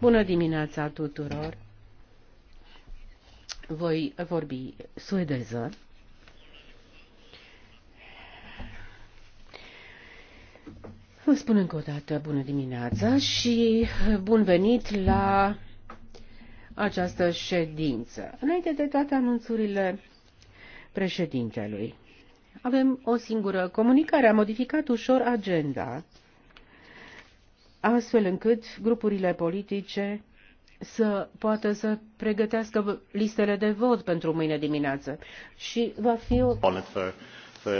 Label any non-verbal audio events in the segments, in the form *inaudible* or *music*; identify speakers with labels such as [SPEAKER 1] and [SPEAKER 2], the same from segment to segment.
[SPEAKER 1] Bună dimineața
[SPEAKER 2] tuturor! Voi vorbi suedeză. Vă spun încă o dată bună dimineața și bun venit la această ședință.
[SPEAKER 3] Înainte de toate anunțurile
[SPEAKER 4] președintelui,
[SPEAKER 3] avem o singură comunicare. A modificat ușor agenda
[SPEAKER 2] astfel încât grupurile politice să poată să pregătească listele de vot pentru mâine dimineață. Și
[SPEAKER 1] va fi o... För,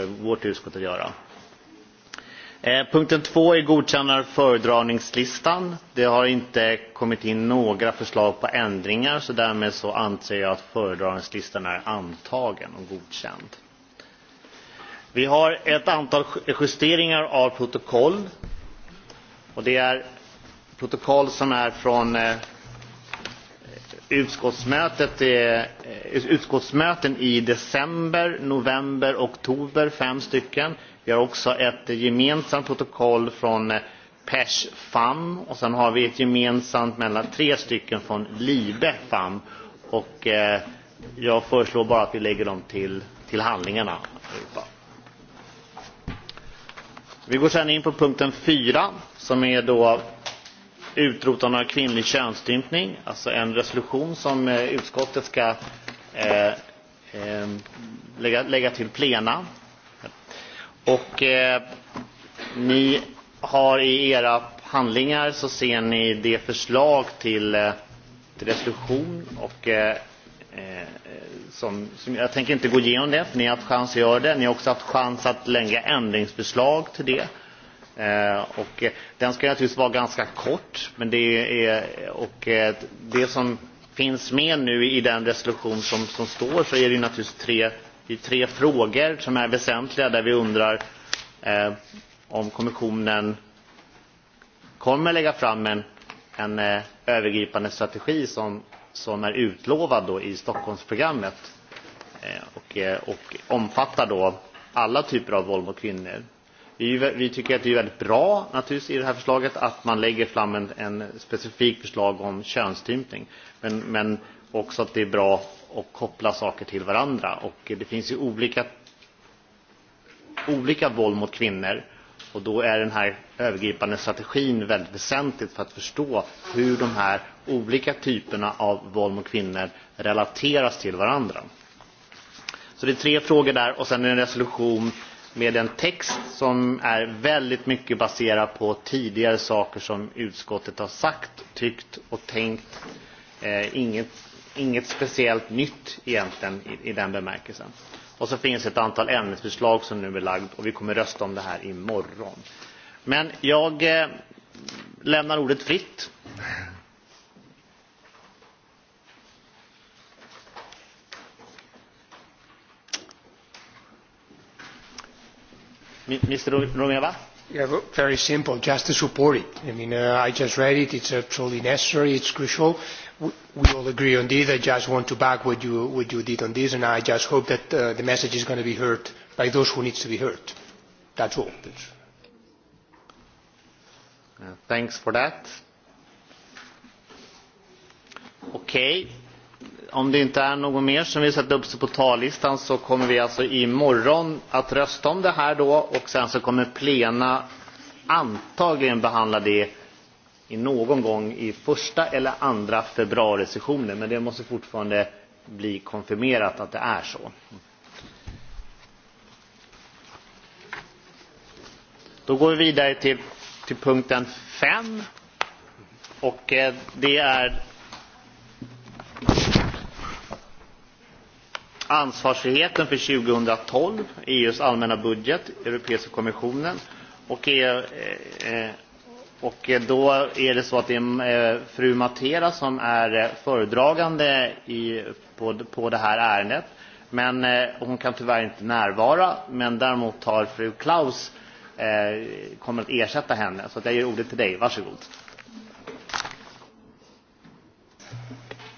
[SPEAKER 1] eh, punkten 2 är godkänner föredragningslistan. Det har inte kommit in några förslag på ändringar så därmed så anser jag att föredragningslistan är antagen och godkänd. Vi har ett antal justeringar av protokoll det är protokoll som är från eh, utskottsmötet, eh, eh, utskottsmöten i december, november, oktober, fem stycken. Vi har också ett gemensamt protokoll från pesh FAM och sen har vi ett gemensamt mellan tre stycken från Libe FAM. Och jag föreslår bara att vi lägger dem till, till handlingarna vi går sedan in på punkten 4 som är då utrotande av kvinnlig könsstympning, alltså en resolution som eh, utskottet ska eh, eh, lägga, lägga till plena. Och eh, ni har i era handlingar så ser ni det förslag till, eh, till resolution och eh, Eh, som, som, jag tänker inte gå igenom det, för ni har haft chans att göra det. Ni har också haft chans att lägga ändringsbeslag till det. Eh, och eh, den ska naturligtvis vara ganska kort, men det är, och eh, det som finns med nu i den resolution som, som står så är det naturligtvis tre, det tre frågor som är väsentliga där vi undrar eh, om kommissionen kommer lägga fram en, en eh, övergripande strategi som som är utlovad då i Stockholmsprogrammet eh, och, eh, och omfattar då alla typer av våld mot kvinnor. Vi, vi tycker att det är väldigt bra naturligtvis i det här förslaget att man lägger fram en, en specifik förslag om könsstympning. Men, men också att det är bra att koppla saker till varandra. Och det finns ju olika, olika våld mot kvinnor. Och då är den här övergripande strategin väldigt väsentligt för att förstå hur de här olika typerna av våld mot kvinnor relateras till varandra. Så det är tre frågor där och sen en resolution med en text som är väldigt mycket baserad på tidigare saker som utskottet har sagt, tyckt och tänkt. Eh, inget, inget speciellt nytt egentligen i, i den bemärkelsen. Och så finns ett antal ämnesförslag som nu är lagd och vi kommer rösta om det här imorgon. Men jag eh, lämnar ordet fritt
[SPEAKER 5] Mr. Romeva? very simple, just to support it. I mean, uh, I just read it, it's absolutely uh, necessary, it's crucial. We, all agree on this. I just want to back what you, did on this, and I just hope that uh, the message is going to be heard by those who need to be heard. That's all. thanks for that.
[SPEAKER 1] Okay om det inte är någon mer som vill sätta upp sig på talarlistan så kommer vi alltså imorgon att rösta om det här då och sen så kommer plena antagligen behandla det i någon gång i första eller andra februarisessionen men det måste fortfarande bli konfirmerat att det är så. Då går vi vidare till, till punkten 5 och eh, det är ansvarsfriheten för 2012, EUs allmänna budget, Europeiska kommissionen och, EU, eh, och då är det så att det är eh, fru Matera som är eh, föredragande i, på, på det här ärendet. Men eh, hon kan tyvärr inte närvara, men däremot har fru Klaus eh, kommer att ersätta henne. Så att jag ger ordet till dig, varsågod.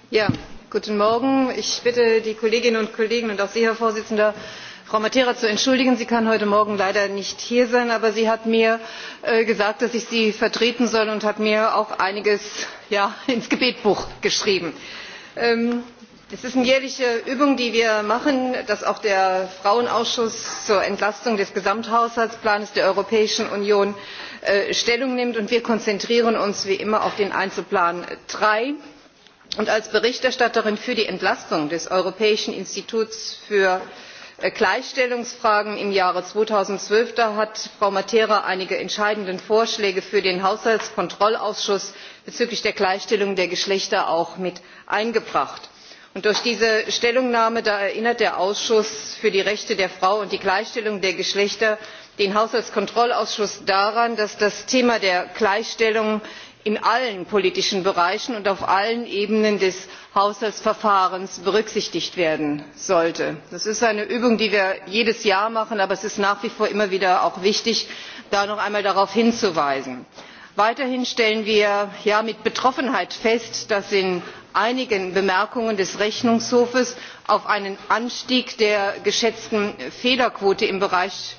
[SPEAKER 6] Ja, guten morgen! ich bitte die kolleginnen und kollegen und auch sie herr präsident frau matera zu entschuldigen sie kann heute morgen leider nicht hier sein aber sie hat mir äh, gesagt dass ich sie vertreten soll und hat mir auch einiges *laughs* ins gebetbuch geschrieben. Ähm, es ist eine jährliche übung die wir machen dass auch der frauenausschuss zur entlastung des gesamthaushaltsplans der europäischen union äh, stellung nimmt und wir konzentrieren uns wie immer auf den einzelplan iii und als berichterstatterin für die entlastung des europäischen instituts für äh, gleichstellungsfragen im jahre zweitausendzwölf da hat frau matera einige entscheidende vorschläge für den haushaltskontrollausschuss bezüglich der gleichstellung der geschlechter auch mit eingebracht. durch diese stellungnahme da erinnert der ausschuss für die rechte der frau und die gleichstellung der geschlechter den haushaltskontrollausschuss daran dass das thema der gleichstellung in allen politischen bereichen und auf allen ebenen des haushaltsverfahrens berücksichtigt werden sollte. das ist eine übung die wir jedes jahr machen aber es ist nach wie vor immer wieder auch wichtig da noch einmal darauf hinzuweisen. weiterhin stellen wir mit betroffenheit fest dass in einigen bemerkungen des rechnungshofs auf einen anstieg der geschätzten fehlerquote im bereich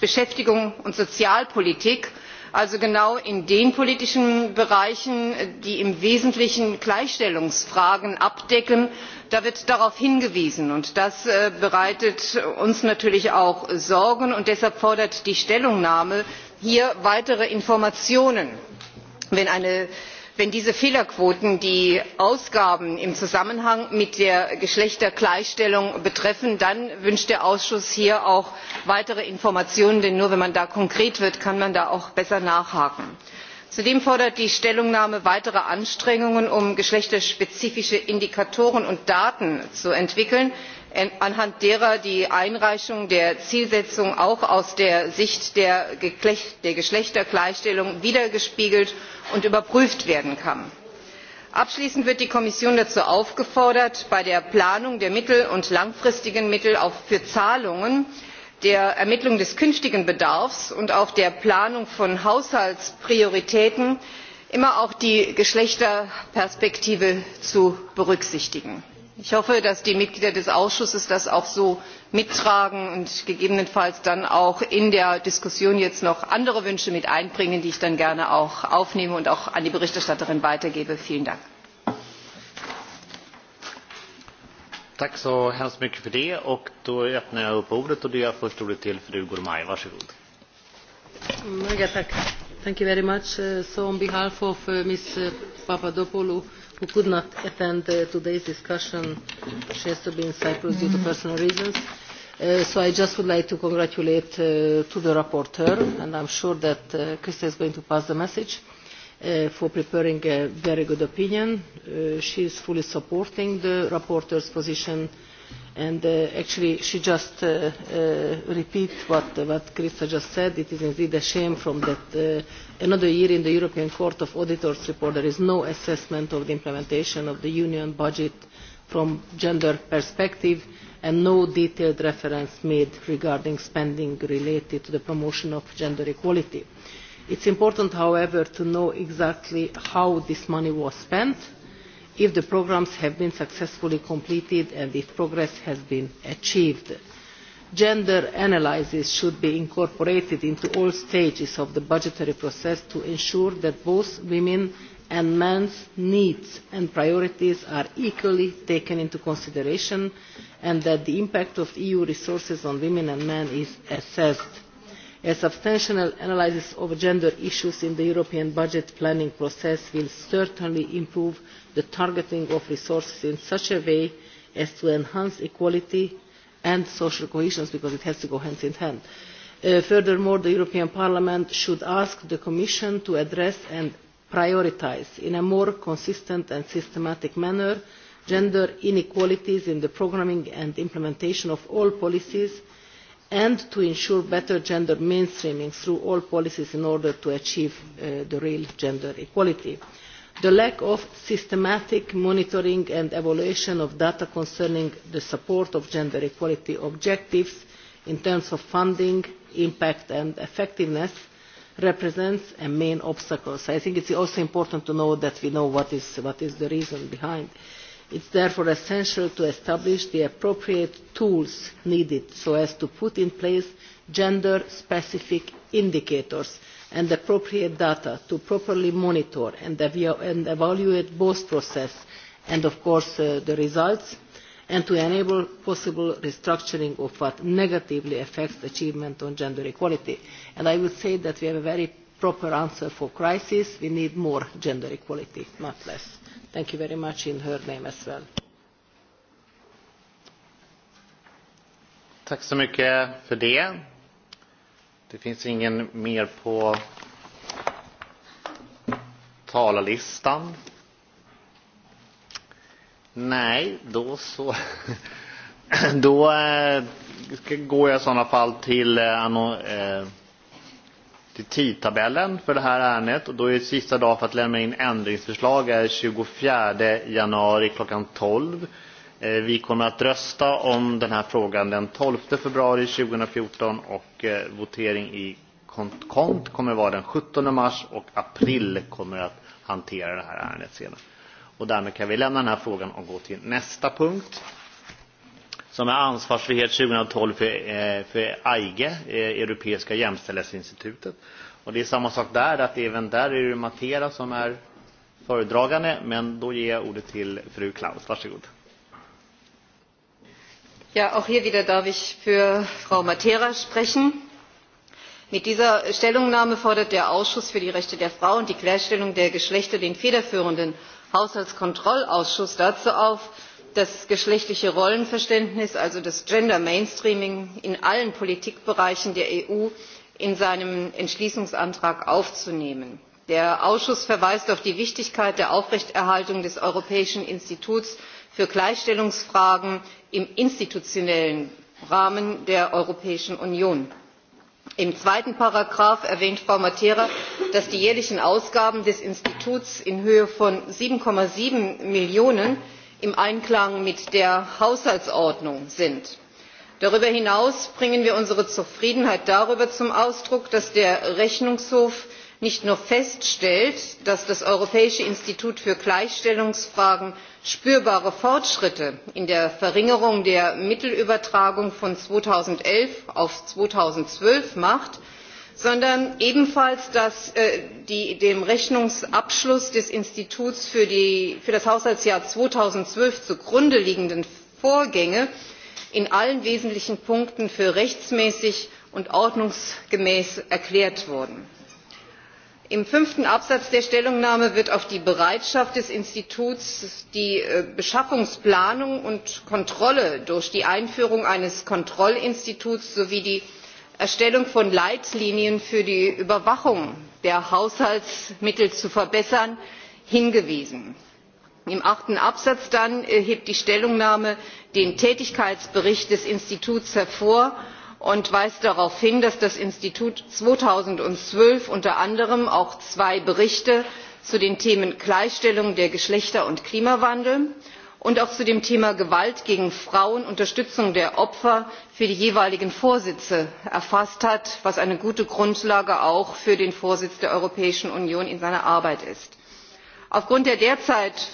[SPEAKER 6] beschäftigung und sozialpolitik also genau in den politischen bereichen die im wesentlichen gleichstellungsfragen abdecken da wird darauf hingewiesen und das äh, bereitet uns natürlich auch sorgen und deshalb fordert die stellungnahme hier weitere informationen wenn eine wenn diese fehlerquoten die ausgaben im zusammenhang mit der geschlechtergleichstellung betreffen dann wünscht der ausschuss hier auch weitere informationen denn nur wenn man da konkret wird kann man da auch besser nachhaken. zudem fordert die stellungnahme weitere anstrengungen um geschlechterspezifische indikatoren und daten zu entwickeln. Äh, anhand derer die einreichung der zielsetzung auch aus der sicht der geschlechtergleichstellung widergespiegelt und überprüft werden kann. abschließend wird die kommission dazu aufgefordert bei der planung der mittel und langfristigen mittel auch für zahlungen der ermittlung des künftigen bedarfs und auch der planung von haushaltsprioritäten immer auch die geschlechterperspektive zu berücksichtigen ich hoffe dass die mitglieder des ausschusses das auch so mittragen und gegebenenfalls dann auch in der diskussion jetzt noch andere wünsche mit einbringen die ich dann gerne auch aufnehme und auch an die berichterstatterin weitergebe. vielen dank!
[SPEAKER 7] Mm, Thank you who could not attend uh, today's discussion. She has to be in Cyprus due to personal reasons. Uh, so I just would like to congratulate uh, to the rapporteur, and I'm sure that uh, Krista is going to pass the message uh, for preparing a very good opinion. Uh, she is fully supporting the rapporteur's position uh, and uh, actually she just uh, uh, repeat what, what Krista just said. It is indeed a shame from that uh, another year in the European Court of Auditors report there is no assessment of the implementation of the union budget from gender perspective and no detailed reference made regarding spending related to the promotion of gender equality. It's important, however, to know exactly how this money was spent if the programmes have been successfully completed and if progress has been achieved. Gender analyses should be incorporated into all stages of the budgetary process to ensure that both women's and men's needs and priorities are equally taken into consideration and that the impact of EU resources on women and men is assessed a substantial analysis of gender issues in the european budget planning process will certainly improve the targeting of resources in such a way as to enhance equality and social cohesion because it has to go hand in hand. Uh, furthermore, the European Parliament should ask the Commission to address and prioritise in a more consistent and systematic manner gender inequalities in the programming and implementation of all policies and to ensure better gender mainstreaming through all policies in order to achieve uh, the real gender equality the lack of systematic monitoring and evaluation of data concerning the support of gender equality objectives in terms of funding, impact and effectiveness represents a main obstacle. I think it is also important to know that we know what is, the reason behind. It is therefore essential to establish the appropriate tools needed so as to put in place gender-specific indicators and appropriate data to properly monitor and, evaluate both process and of course uh, the results and to enable possible restructuring of what negatively affects achievement on gender equality. And I would say that we have a very proper answer for crisis. We need more gender equality, not less. Thank you very much in her name as well.
[SPEAKER 1] Det finns ingen mer på talarlistan. Nej, då så. *laughs* Då eh, går jag i sådana fall till, eh, eh, till tidtabellen för det här ärendet. Och då är det sista dag för att lämna in ändringsförslag är 24 januari klockan 12. Eh, vi kommer att rösta om den här frågan den 12 februari 2014 och eh, votering i KONT kommer att vara den 17 mars och april kommer att hantera det här ärendet senare. Och därmed kan vi lämna den här frågan och gå till nästa punkt som är ansvarsfrihet 2012 för, eh, för EIGE, Europeiska jämställdhetsinstitutet. Och det är samma sak där, att även där är det Matera som är föredragande, men då ger jag ordet till fru Klaus. Varsågod
[SPEAKER 6] auch hier wieder darf ich für Frau Matera sprechen. Mit dieser Stellungnahme fordert der Ausschuss für die Rechte der Frau und die Gleichstellung der Geschlechter den federführenden Haushaltskontrollausschuss dazu auf, das geschlechtliche Rollenverständnis, also das Gender Mainstreaming in allen Politikbereichen der EU in seinen Entschließungsantrag aufzunehmen. Der Ausschuss verweist auf die Wichtigkeit der Aufrechterhaltung des Europäischen Instituts für Gleichstellungsfragen im institutionellen rahmen der europäischen union. im zweiten paragraph erwähnt frau matera dass die jährlichen ausgaben des instituts in höhe von sieben sieben millionen euro im einklang mit der haushaltsordnung sind. darüber hinaus bringen wir unsere zufriedenheit darüber zum ausdruck dass der rechnungshof nicht nur feststellt dass das europäische institut für gleichstellungsfragen spürbare fortschritte in der verringerung der mittelübertragung von zweitausendelf auf zweitausendzwölf macht sondern ebenfalls dass äh, dem rechnungsabschluss des instituts für das haushaltsjahr zweitausendzwölf zugrunde liegenden vorgänge in allen wesentlichen punkten für rechtmäßig und ordnungsgemäß erklärt wurden im fünften absatz der stellungnahme wird auf die bereitschaft des instituts die äh, beschaffungsplanung und kontrolle durch die einführung eines kontrollinstituts sowie die erstellung von leitlinien für die überwachung der haushaltsmittel zu verbessern hingewiesen. im achten absatz dann äh, hebt die stellungnahme den tätigkeitsbericht des instituts hervor und weist darauf hin dass das institut zweitausendzwölf unter anderem auch zwei berichte zu den themen gleichstellung der geschlechter und klimawandel und auch zu dem thema gewalt gegen frauen unterstützung der opfer für die jeweiligen vorsitze erfasst hat was eine gute grundlage auch für den vorsitz der europäischen union in seiner arbeit ist. aufgrund derzeit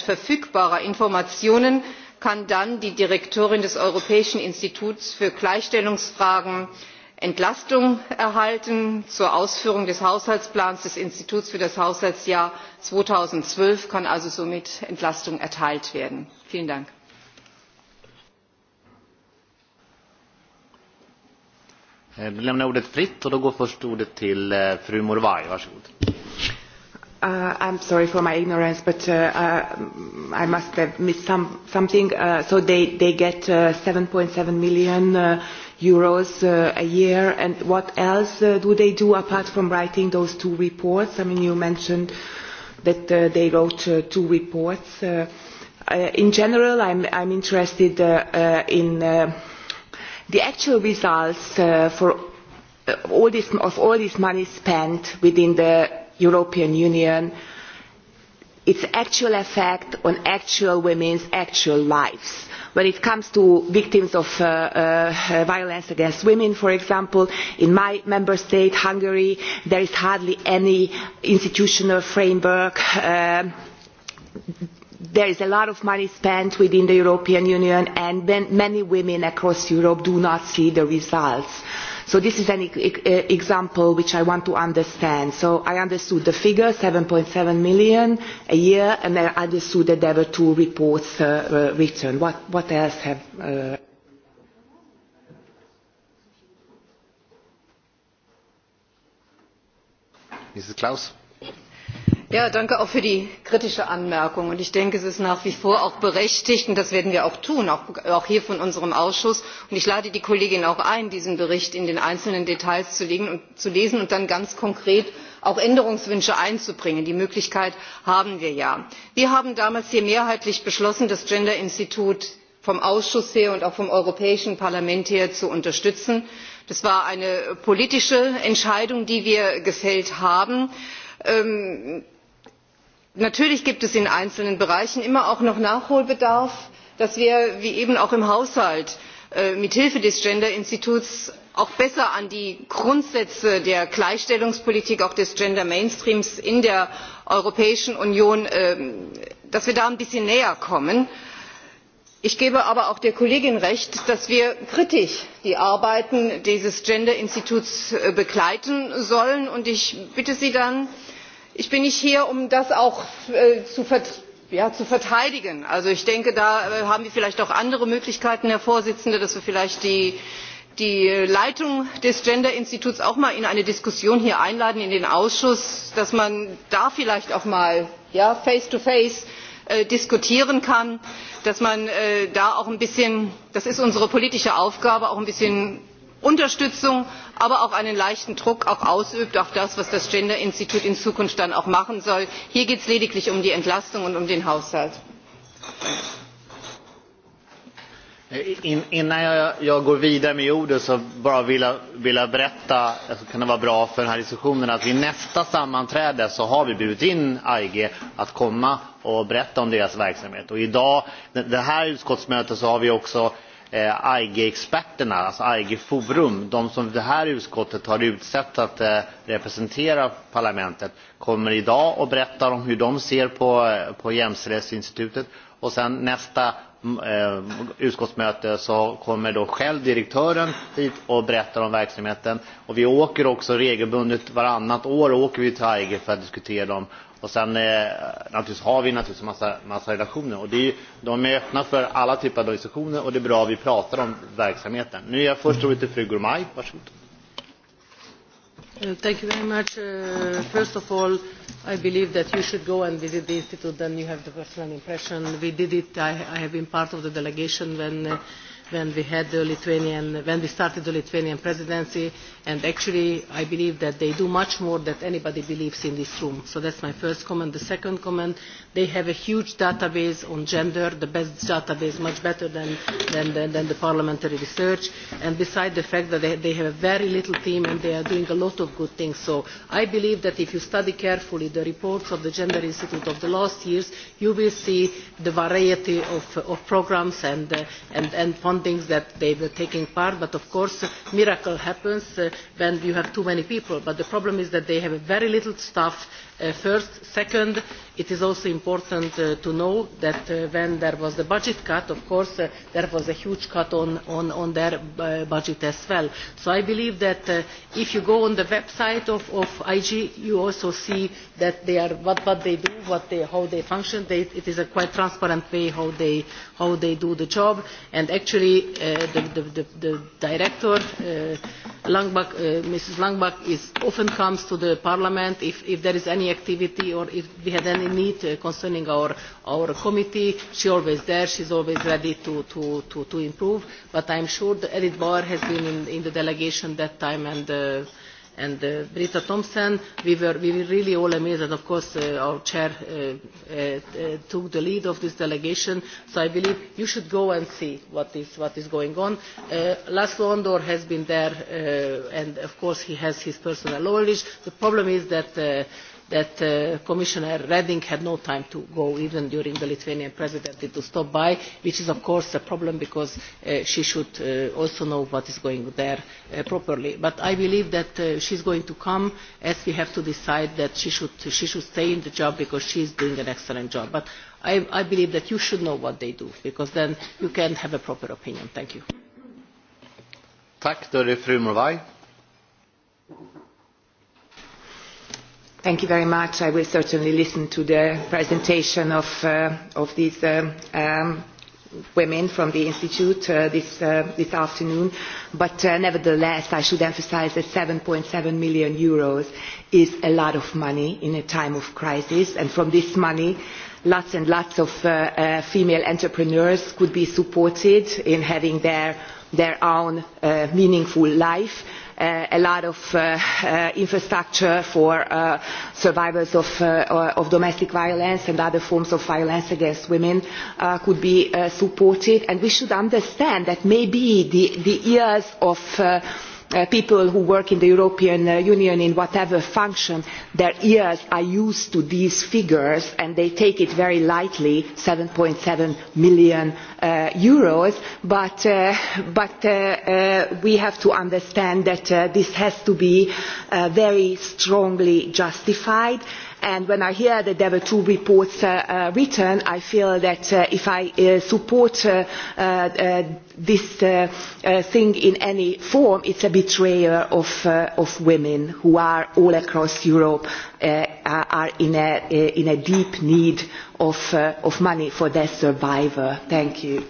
[SPEAKER 6] verfügbarer informationen kann dann die direktorin des europäischen instituts für gleichstellungsfragen entlastung erhalten zur ausführung des haushaltsplans des instituts für das haushaltsjahr zweitausendzwölf kann also somit entlastung erteilt werden. vielen dank!
[SPEAKER 1] Eh,
[SPEAKER 8] i uh, I'm sorry for my ignorance, but uh, uh, I must have missed something. so they, eur. get 7.7 million euros a year, and what else do they do apart from writing those two reports? I mean, you mentioned that they wrote two reports. in general, i I'm interested in the actual results for all this, of all this money spent within the european union its actual effect on actual women's actual lives. when it comes to victims of uh, uh, violence against women for example in my member state hungary there is hardly any institutional framework uh, there is a lot of money spent within the european union and many women across europe do not see the results. so this is an example which i want to understand. so i understood the figure eur. seven seven million a year and i understood that there were two reports uh, uh, written. what, else have uh,
[SPEAKER 1] Mrs. Klaus?
[SPEAKER 6] danke auch für die kritische anmerkung. ich denke es ist nach wie vor auch berechtigt und das werden wir auch tun auch hier von unserem ausschuss. Und ich lade die kollegin auch ein diesen bericht in den einzelnen details zu lesen und dann ganz konkret auch änderungswünsche einzubringen. die möglichkeit haben wir ja. wir haben damals hier mehrheitlich beschlossen das gender institut vom ausschuss her und auch vom europäischen parlament her zu unterstützen. das war eine politische entscheidung die wir gefällt haben. Ähm, natürlich gibt es in einzelnen bereichen immer auch noch nachholbedarf dass wir wie eben auch im haushalt äh, mit hilfe des gender instituts auch besser an die grundsätze der gleichstellungspolitik auch des gender mainstreams in der europäischen union ähm, da ein bisschen näher kommen. ich gebe aber auch der kollegin recht dass wir kritisch die arbeiten dieses gender instituts äh, begleiten sollen und ich bitte sie dann ich bin nicht hier um das auch äh, zu verteidigen. Also ich denke, da äh, haben wir vielleicht auch andere Möglichkeiten, Herr Vorsitzender, dass wir vielleicht die, Leitung des Gender Instituts auch mal in eine Diskussion hier einladen in den Ausschuss, dass man da vielleicht auch mal face to face diskutieren kann, dass man äh, da auch ein bisschen, das ist unsere politische Aufgabe, auch ein bisschen unterstützung aber auch einen leichten druck ausübt auf das was das gender institut in zukunft dann auch machen soll. hier geht es lediglich um die entlastung und um den haushalt.
[SPEAKER 1] innan jag, går vidare med ordet så bara berätta, kan vara bra för den här diskussionen, att vid nästa sammanträde så har vi bjudit in AIG att komma och berätta om deras verksamhet. Och idag, det här utskottsmötet, så har vi också Eh, IG-experterna, alltså IG-forum, de som det här utskottet har utsett att eh, representera parlamentet, kommer idag och berättar om hur de ser på, eh, på Jämställdhetsinstitutet. Och sen nästa mm, utskottsmöte så kommer då själv direktören hit och berättar om verksamheten. Och vi åker också regelbundet, varannat år åker vi till IG för att diskutera dem. Och sen eh, naturligtvis har vi naturligtvis en massa, massa relationer. Och det är de är öppna för alla typer av organisationer och det är bra att vi pratar om verksamheten. Nu är jag först ordet till fru Gourmay. Varsågod.
[SPEAKER 3] Uh, thank you very
[SPEAKER 7] much. Uh, first of all, I believe that you should go and visit the institute, then you have the personal impression. We did it. I, I have been part of the delegation when uh, when we had the Lithuanian, when we started the Lithuanian presidency, and actually I believe that they do much more than anybody believes in this room. So that's my first comment. The second comment, they have a huge database on gender, the best database, much better than, than, than, than the parliamentary research, and beside the fact that they, they have a very little team and they are doing a lot of good things. So I believe that if you study carefully the reports of the Gender Institute of the last years, you will see the variety of, of programs and, uh, and, and fundings that they were taking part but of course a miracle happens uh, when you have too many people but the problem is that they have very little staff Uh, first. second it is also important uh, to know that uh, when there was the budget cut of course there was a huge cut on, their budget as well. so i believe that if you go on the website of, ig you also see that what, they do how they function. it is a quite transparent way how they, do the job and actually the, director mrs langbach often comes to the parliament if, if there is any any activity or if we had any need uh, concerning our, our committee, she is always there, she is always ready to, to, to, to improve. But I am sure that Edith Bauer has been in, the delegation that time and uh, and uh, Britta Thompson, we were, we were really all amazed and of course our chair took the lead of this delegation, so I believe you should go and see what is, what is going on. lszl Laszlo Andor has been there and of course he has his personal knowledge. The problem is that that uh, Commissioner Reding had no time to go even during the Lithuanian presidency to stop by, which is of course a problem because uh, she should uh, also know what is going there uh, properly. But I believe that uh, is going to come as we have to decide that she should, she should stay in the job because she is doing an excellent job. But I, I believe that you should know what they do because then you can have a proper opinion. Thank you.
[SPEAKER 1] Tack, då är det fru Morvaj.
[SPEAKER 8] Thank you very much. I will certainly listen to the presentation of, uh, of these uh, um, women from the institute uh, this, uh, this afternoon but uh, nevertheless i should emphasise that eur. seven seven million Euros is a lot of money in a time of crisis and from this money lots and lots of uh, uh, female entrepreneurs could be supported in having their, their own meaningful life Uh, a lot of uh, uh, infrastructure for survivors of, domestic violence and other forms of violence against women could be supported and we should understand that maybe the, the years of Uh, people who work in the european uh, union in whatever function their ears are used to these figures and they take it very lightly eur. seven seven million uh, Euros, but, but we have to understand that this has to be very strongly justified and and when i hear that there were two reports uh, uh, written i feel that uh, if i support this thing in any form it is a betrayal of women who are all across europe are in deep need of money for their survival. thank you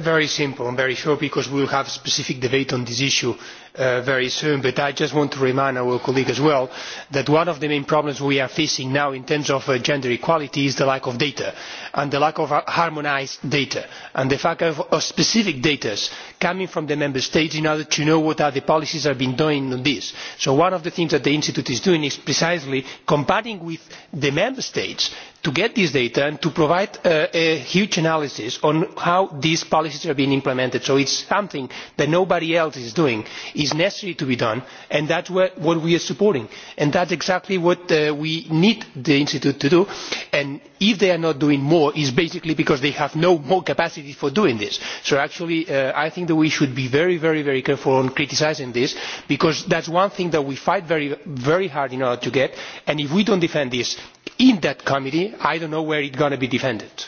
[SPEAKER 5] very simple and very short because we will have a specific debate on this issue Uh, very soon but i just want to remind our colleague as well that one of the main problems we are facing now in terms of uh, gender equality is the lack of data and the lack of harmonised data and the fact of, specific data coming from the member states in order to know what are the policies that have been doing on this. so one of the things that the institute is doing is precisely combating with the member states to get this data and to provide uh, a huge analysis on how these policies are being implemented. so it is something that nobody else is doing is necessary to be done and that is what we are supporting and that is exactly what uh, we need the institute to do and if they are not doing more it is basically because they have no more capacity for doing this. so actually uh, i think that we should be very very very careful in criticising this because that is one thing that we fight very very hard in order to get and if we do not defend this in that committee i do not know where it is going to be defended.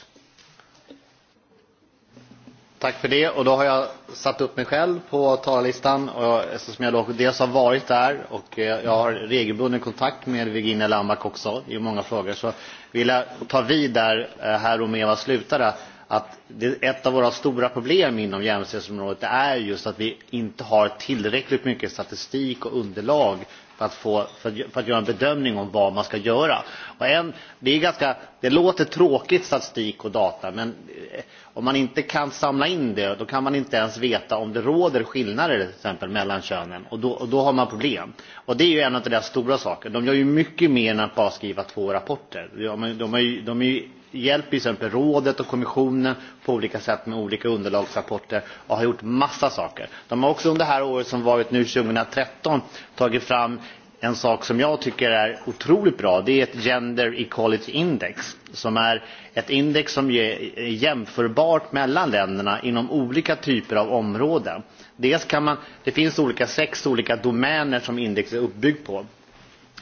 [SPEAKER 1] Tack för det. Och då har jag satt upp mig själv på talarlistan och eftersom jag då dels har varit där och eh, jag har regelbunden kontakt med Virginia Lambak också i många frågor så vill jag ta vid där herr eh, Romeva slutade. Att det, ett av våra stora problem inom jämställdhetsområdet är just att vi inte har tillräckligt mycket statistik och underlag för att, få, för, för att göra en bedömning om vad man ska göra. Och en, det, är ganska, det låter tråkigt, statistik och data, men eh, om man inte kan samla in det då kan man inte ens veta om det råder skillnader till exempel mellan könen och då, och då har man problem. Och det är ju en av deras stora sakerna. De gör ju mycket mer än att bara skriva två rapporter. De, de, är, de är ju hjälp, till exempel rådet och kommissionen på olika sätt med olika underlagsrapporter och har gjort massa saker. De har också under det här året som varit nu 2013 tagit fram en sak som jag tycker är otroligt bra. Det är ett Gender Equality Index som är ett index som är jämförbart mellan länderna inom olika typer av områden. Dels kan man, det finns olika sex olika domäner som index är uppbyggt på.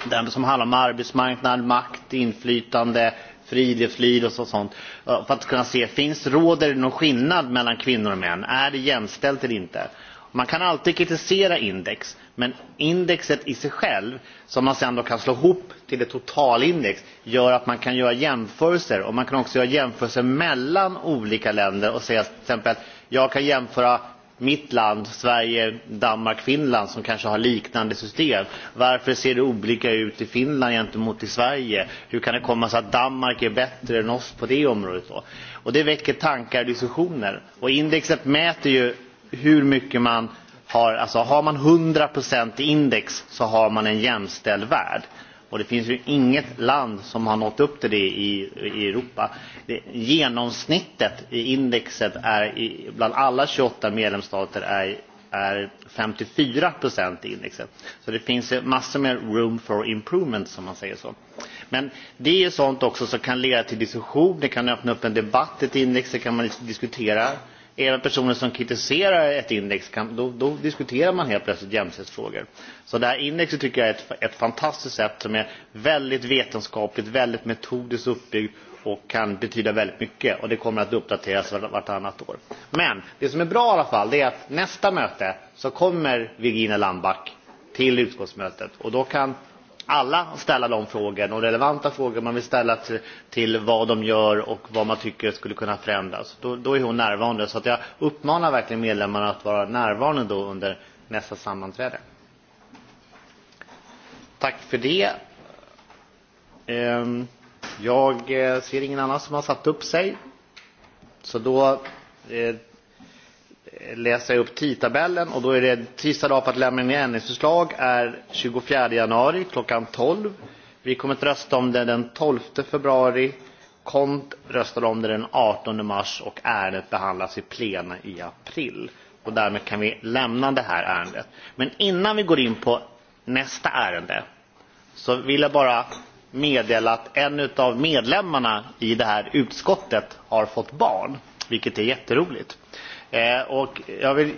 [SPEAKER 1] Den som handlar om arbetsmarknad, makt, inflytande, frid är frideflyd och så, sånt för att kunna se finns råder det någon skillnad mellan kvinnor och män. Är det jämställt eller inte? Man kan alltid kritisera index, men indexet i sig själv, som man sedan då kan slå ihop till ett totalindex, gör att man kan göra jämförelser. Och man kan också göra jämförelser mellan olika länder och säga till exempel, jag kan jämföra mitt land, Sverige, Danmark, Finland som kanske har liknande system. Varför ser det olika ut i Finland gentemot i Sverige? Hur kan det komma sig att Danmark är bättre än oss på det området? Då? Och det väcker tankar och diskussioner. Och indexet mäter ju hur mycket man har, alltså har man 100% i index så har man en jämställd värld och det finns ju inget land som har nått upp till det i, i Europa. Det, genomsnittet i indexet är i, bland alla 28 medlemsstater är, är 54 procent i indexet. Så det finns massor med room for improvement som man säger så. Men det är sånt också som kan leda till diskussion, det kan öppna upp en debatt, ett index, det kan man diskutera även personer som kritiserar ett index, kan, då, då diskuterar man helt plötsligt jämställdhetsfrågor. Så det här indexet tycker jag är ett, ett fantastiskt sätt som är väldigt vetenskapligt, väldigt metodiskt uppbyggt och kan betyda väldigt mycket. Och det kommer att uppdateras vartannat år. Men det som är bra i alla fall det är att nästa möte så kommer Virginia Landback till utskottsmötet och då kan alla ställa de frågorna och relevanta frågor man vill ställa till, till vad de gör och vad man tycker skulle kunna förändras. Då, då är hon närvarande. Så att jag uppmanar verkligen medlemmarna att vara närvarande då under nästa sammanträde. Tack för det. Ehm, jag eh, ser ingen annan som har satt upp sig. Så då eh, läsa upp tidtabellen och då är det sista dag för att lämna in ändringsförslag är 24 januari klockan 12. Vi kommer att rösta om det den 12 februari. Kont röstar om det den 18 mars och ärendet behandlas i plena i april. Och därmed kan vi lämna det här ärendet. Men innan vi går in på nästa ärende så vill jag bara meddela att en av medlemmarna i det här utskottet har fått barn, vilket är jätteroligt. Eh, och jag vill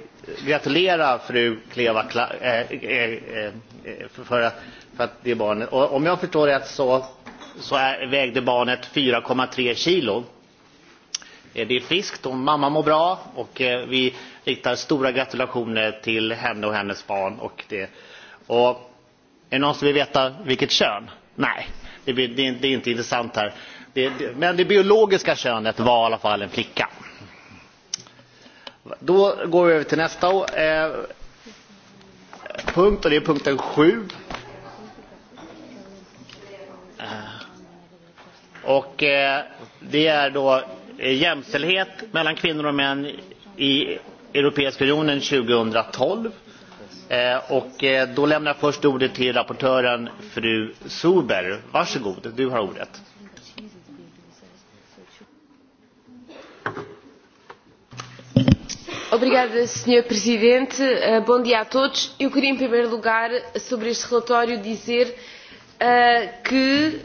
[SPEAKER 1] gratulera fru Kleva eh, eh, eh, för, för, för att det barnet. Och om jag förstår rätt så, så är, vägde barnet 4,3 kilo. det är friskt och mamma mår bra och vi riktar stora gratulationer till henne och hennes barn. Och det. Och, är det någon som vill veta vilket kön? Nej, det, det, det är inte intressant här. Det, det, men det biologiska könet var i alla fall en flicka. Då går vi över till nästa eh, punkt och det är punkten 7. Eh, och eh, det är då eh, jämställdhet mellan kvinnor och män i Europeiska unionen 2012. Eh, och eh, då lämnar jag först ordet till rapportören fru Sober. Varsågod, du har ordet.
[SPEAKER 2] Obrigada, Sr. Presidente. Eh, bom dia a todos. Eu queria, em primeiro lugar, sobre este relatório, dizer uh, que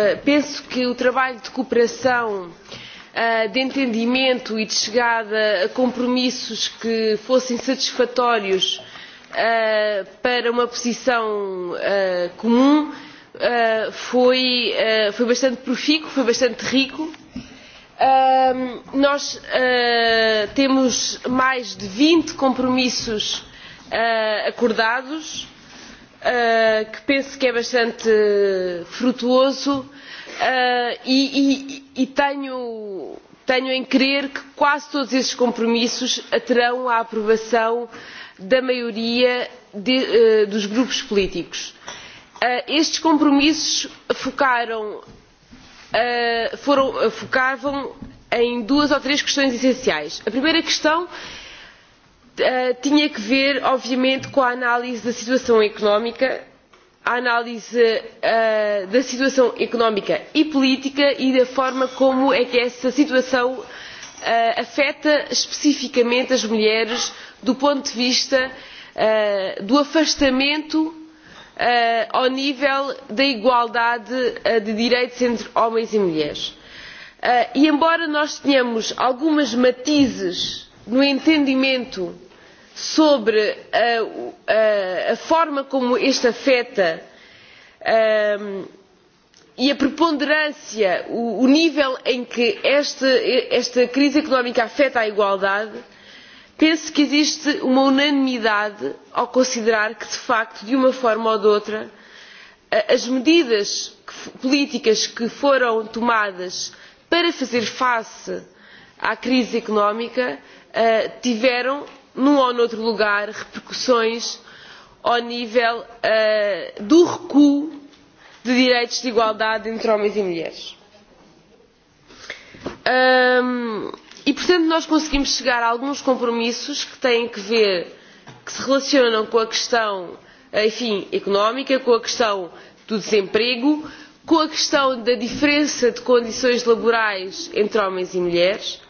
[SPEAKER 2] uh, penso que o trabalho de cooperação, uh, de entendimento e de chegada a compromissos que fossem satisfatórios uh, para uma posição uh, comum uh, foi, uh, foi bastante profícuo, foi bastante rico nós ah, temos mais de 20 compromissos ah, acordados, ah, que penso que é bastante frutuoso e, e, e tenho, tenho em crer que quase todos esses compromissos terão a aprovação da maioria de, dos grupos políticos. Estes compromissos focaram Eh, eh, focavam em duas ou três questões essenciais. A primeira questão eh, tinha que ver, obviamente, com a análise da situação económica, a análise da situação económica e política e da forma como é que essa situação afeta especificamente as mulheres do ponto de vista do afastamento Eh, ao nível da igualdade eh, de direitos entre homens e mulheres. Eh, e embora nós tenhamos algumas matizes no entendimento sobre a, a, a forma como isto afeta um, e a preponderância o, o nível em que este, esta crise económica afeta a igualdade penso que existe uma unanimidade ao considerar que de facto de uma forma ou de outra as medidas políticas que foram tomadas para fazer face à crise económica eh, tiveram num ou noutro lugar repercussões ao nível eh, do recuo de direitos de igualdade entre homens e mulheres e portanto nós conseguimos chegar a alguns compromissos que têm que ver que se relacionam com a questão enfim, económica com a questão do desemprego com a questão da diferença de condições laborais entre homens e mulheres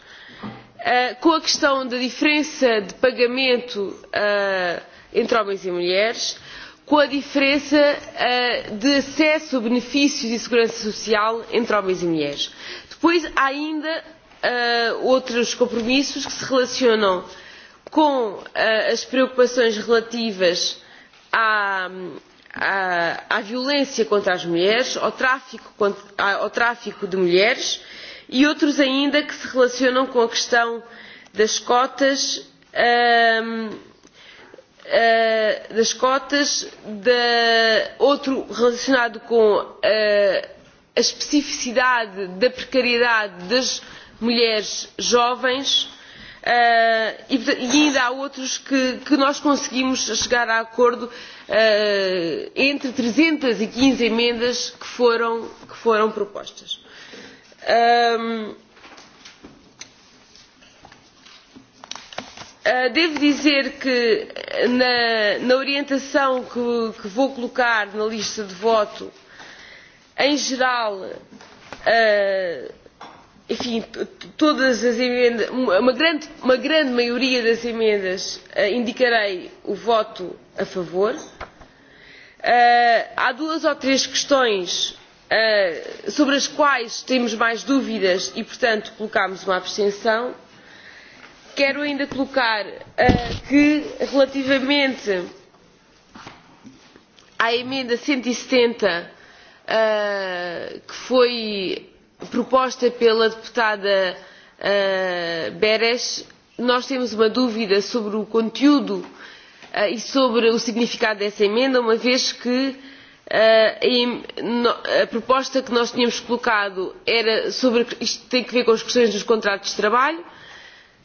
[SPEAKER 2] eh, com a questão da diferença de pagamento eh, entre homens e mulheres com a diferença eh, de acesso a benefícios e segurança social entre homens e mulheres. depois há ainda Ah, outros compromissos que se relacionam com ah, as preocupações relativas à, violência contra as mulheres, ah, ao tráfico, de mulheres e outros ainda que se relacionam com a questão das cotas, das cotas outro relacionado com a especificidade da precariedade das mulheres jovens Uh, e, e ainda há outros que, que nós conseguimos chegar a acordo uh, entre 315 emendas que foram, que foram propostas. Uh, devo dizer que na, na orientação que, que vou colocar na lista de voto, em geral, uh, enfim, todas as emendas, uma grande, uma grande maioria das emendas, uh, indicarei o voto a favor. Uh, Há duas ou três questões uh, sobre as quais temos mais dúvidas e, portanto, colocámos uma abstenção. Quero ainda colocar uh, que, relativamente à emenda 170, uh, que foi proposta pela deputada uh, Beres, nós temos uma dúvida sobre o conteúdo uh, e sobre o significado dessa emenda, uma vez que eh, a proposta que nós tínhamos colocado era sobre isto tem que ver com as questões dos contratos de trabalho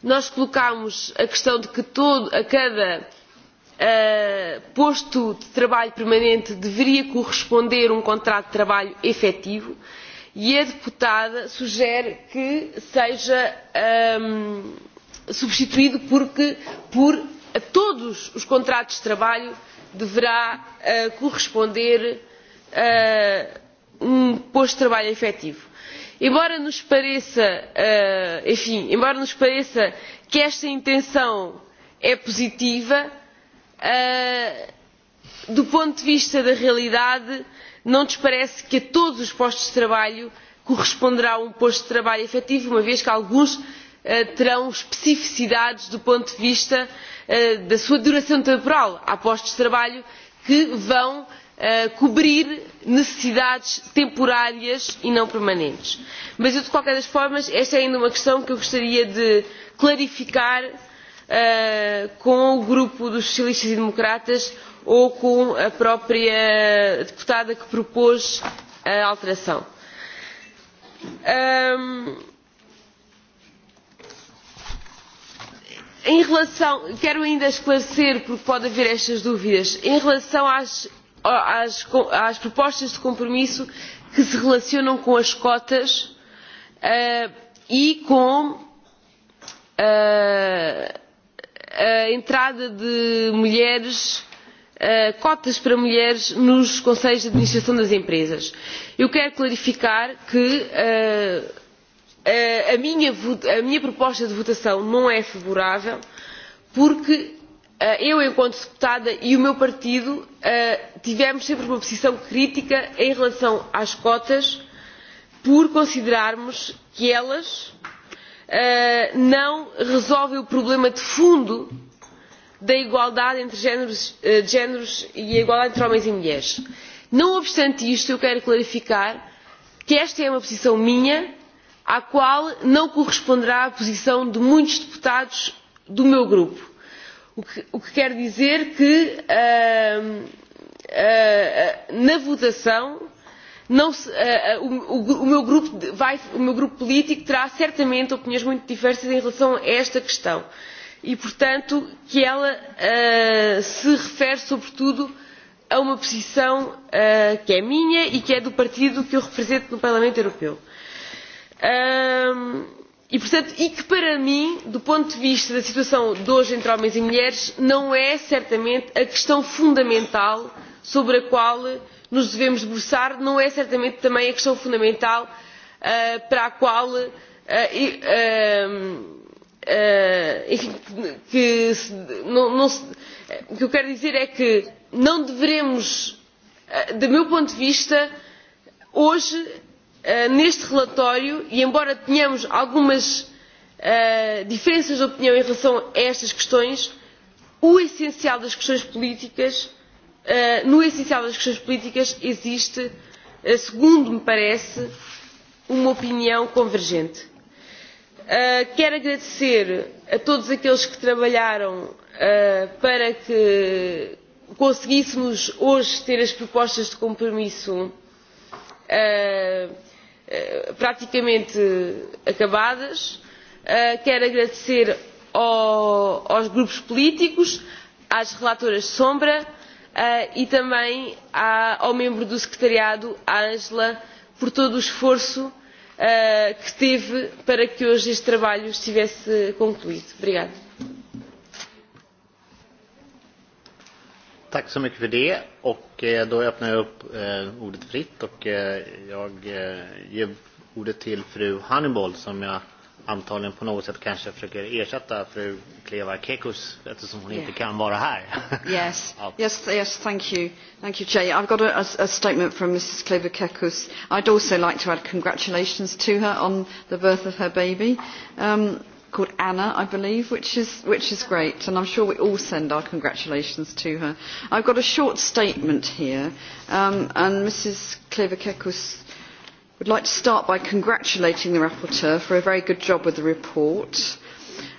[SPEAKER 2] nós colocámos a questão de que todo, a cada uh, posto de trabalho permanente deveria corresponder um contrato de trabalho efetivo uh, e a deputada sugere que seja hum, substituído porque por todos os contratos de trabalho deverá uh, corresponder uh, um posto de trabalho efetivo. Embora nos pareça, uh, enfim, embora nos pareça que esta intenção é positiva, do ponto de vista da realidade, não nos parece que a todos os postos de trabalho corresponderá um posto de trabalho efetivo uma vez que alguns eh, terão especificidades do ponto de vista eh, da sua duração temporal. há postos de trabalho que vão eh, cobrir necessidades temporárias e não permanentes. mas eu de qualquer das formas esta é ainda uma questão que eu gostaria de clarificar com o grupo dos socialistas e democratas ou com a própria deputada que propôs a alteração. Um, em relação quero ainda esclarecer porque pode haver estas dúvidas em relação às, às, às propostas de compromisso que se relacionam com as cotas uh, e com uh, a entrada de mulheres Eh, cotas para mulheres nos conselhos de administração das empresas. eu quero clarificar que eh, eh, a minha, proposta de votação não é favorável porque eu enquanto deputada e o meu partido tivemos sempre uma posição crítica em relação às cotas por considerarmos que elas não resolvem o problema de fundo da igualdade entre géneros, eh, géneros e a igualdade entre homens e mulheres. não obstante isto eu quero clarificar que esta é uma posição minha à qual não corresponderá a posição de muitos deputados do meu grupo o que, quer dizer que ah, ah, na votação ah, o, meu grupo vai, o meu grupo político terá certamente opiniões muito diversas em relação a esta questão e portanto que ela eh, se refere sobretudo a uma posição eh, que é minha e que é do partido que eu represento no Parlamento Europeu. e, portanto, e que para mim, do ponto de vista da situação de hoje entre homens e mulheres, não é certamente a questão fundamental sobre a qual nos devemos debruçar, não é certamente também a questão fundamental ah, para a qual ah, Eh, eh, o que eu quero dizer é que não devemos, eh, do meu ponto de vista, hoje, neste relatório, e embora tenhamos algumas diferenças de opinião em relação a estas questões, o essencial das questões políticas, no essencial das questões políticas existe, segundo me parece, uma opinião convergente Eh, quero agradecer a todos aqueles que trabalharam eh, para que conseguíssemos hoje ter as propostas de compromisso eh, praticamente acabadas. Quero agradecer aos grupos políticos, às relatoras de sombra e também ao membro do secretariado, à angela por todo o esforço Eh, que tive para que hoje este trabalho estivesse concluído. Obrigada.
[SPEAKER 1] Tack så mycket för det. Och eh, då öppnar jag upp eh, ordet fritt och jag ger ordet till fru Hannibal som jag antagligen på något sätt kanske försöker ersätta fru Kleva Kekus eftersom hon yeah. inte kan vara här. yes, *laughs*
[SPEAKER 9] yes, yes, thank you. Thank you, Jay. I've got a, a statement from Mrs. Kleva Kekus. I'd also like to add congratulations to her on the birth of her baby. Um, called Anna, I believe, which is, which is great, and I'm sure we all send our congratulations to her. I've got a short statement here, um, and Mrs. Kleverkekus would like to start by congratulating the rapporteur for a very good job with the report.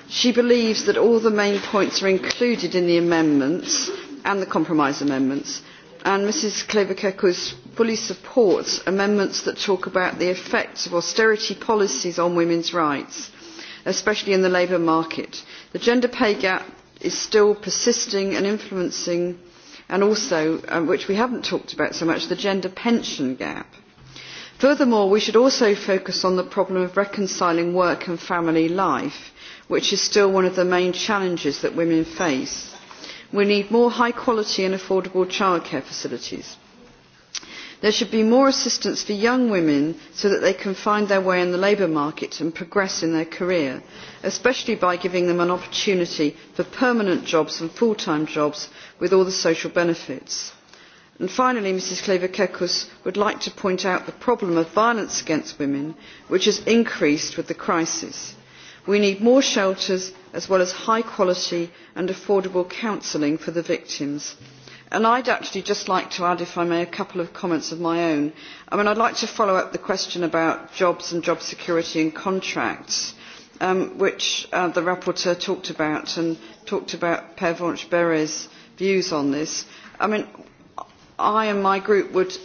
[SPEAKER 9] She believes that all the main points are included in the amendments and the compromise amendments, and Mrs. Klevakekos fully supports amendments that talk about the effects of austerity policies on women's rights, especially in the labour market. The gender pay gap is still persisting and influencing, and also, um, which we haven't talked about so much, the gender pension gap furthermore we should also focus on the problem of reconciling work and family life which is still one of the main challenges that women face. we need more high quality and affordable childcare facilities. there should be more assistance for young women so that they can find their way in the labour market and progress in their career especially by giving them an opportunity for permanent jobs and full time jobs with all the social benefits finally ms kleve kekus would like to point out the problem of violence against women which has increased with the crisis. we need more shelters as well as high quality and affordable counselling for the victims. i would actually just like to add, if I may, a couple of comments of my own. I mean, I'd like to follow up the question about jobs and job security and contracts, um, which uh, the rapporteur talked about and talked about Pervenche bers views on this. I and my group would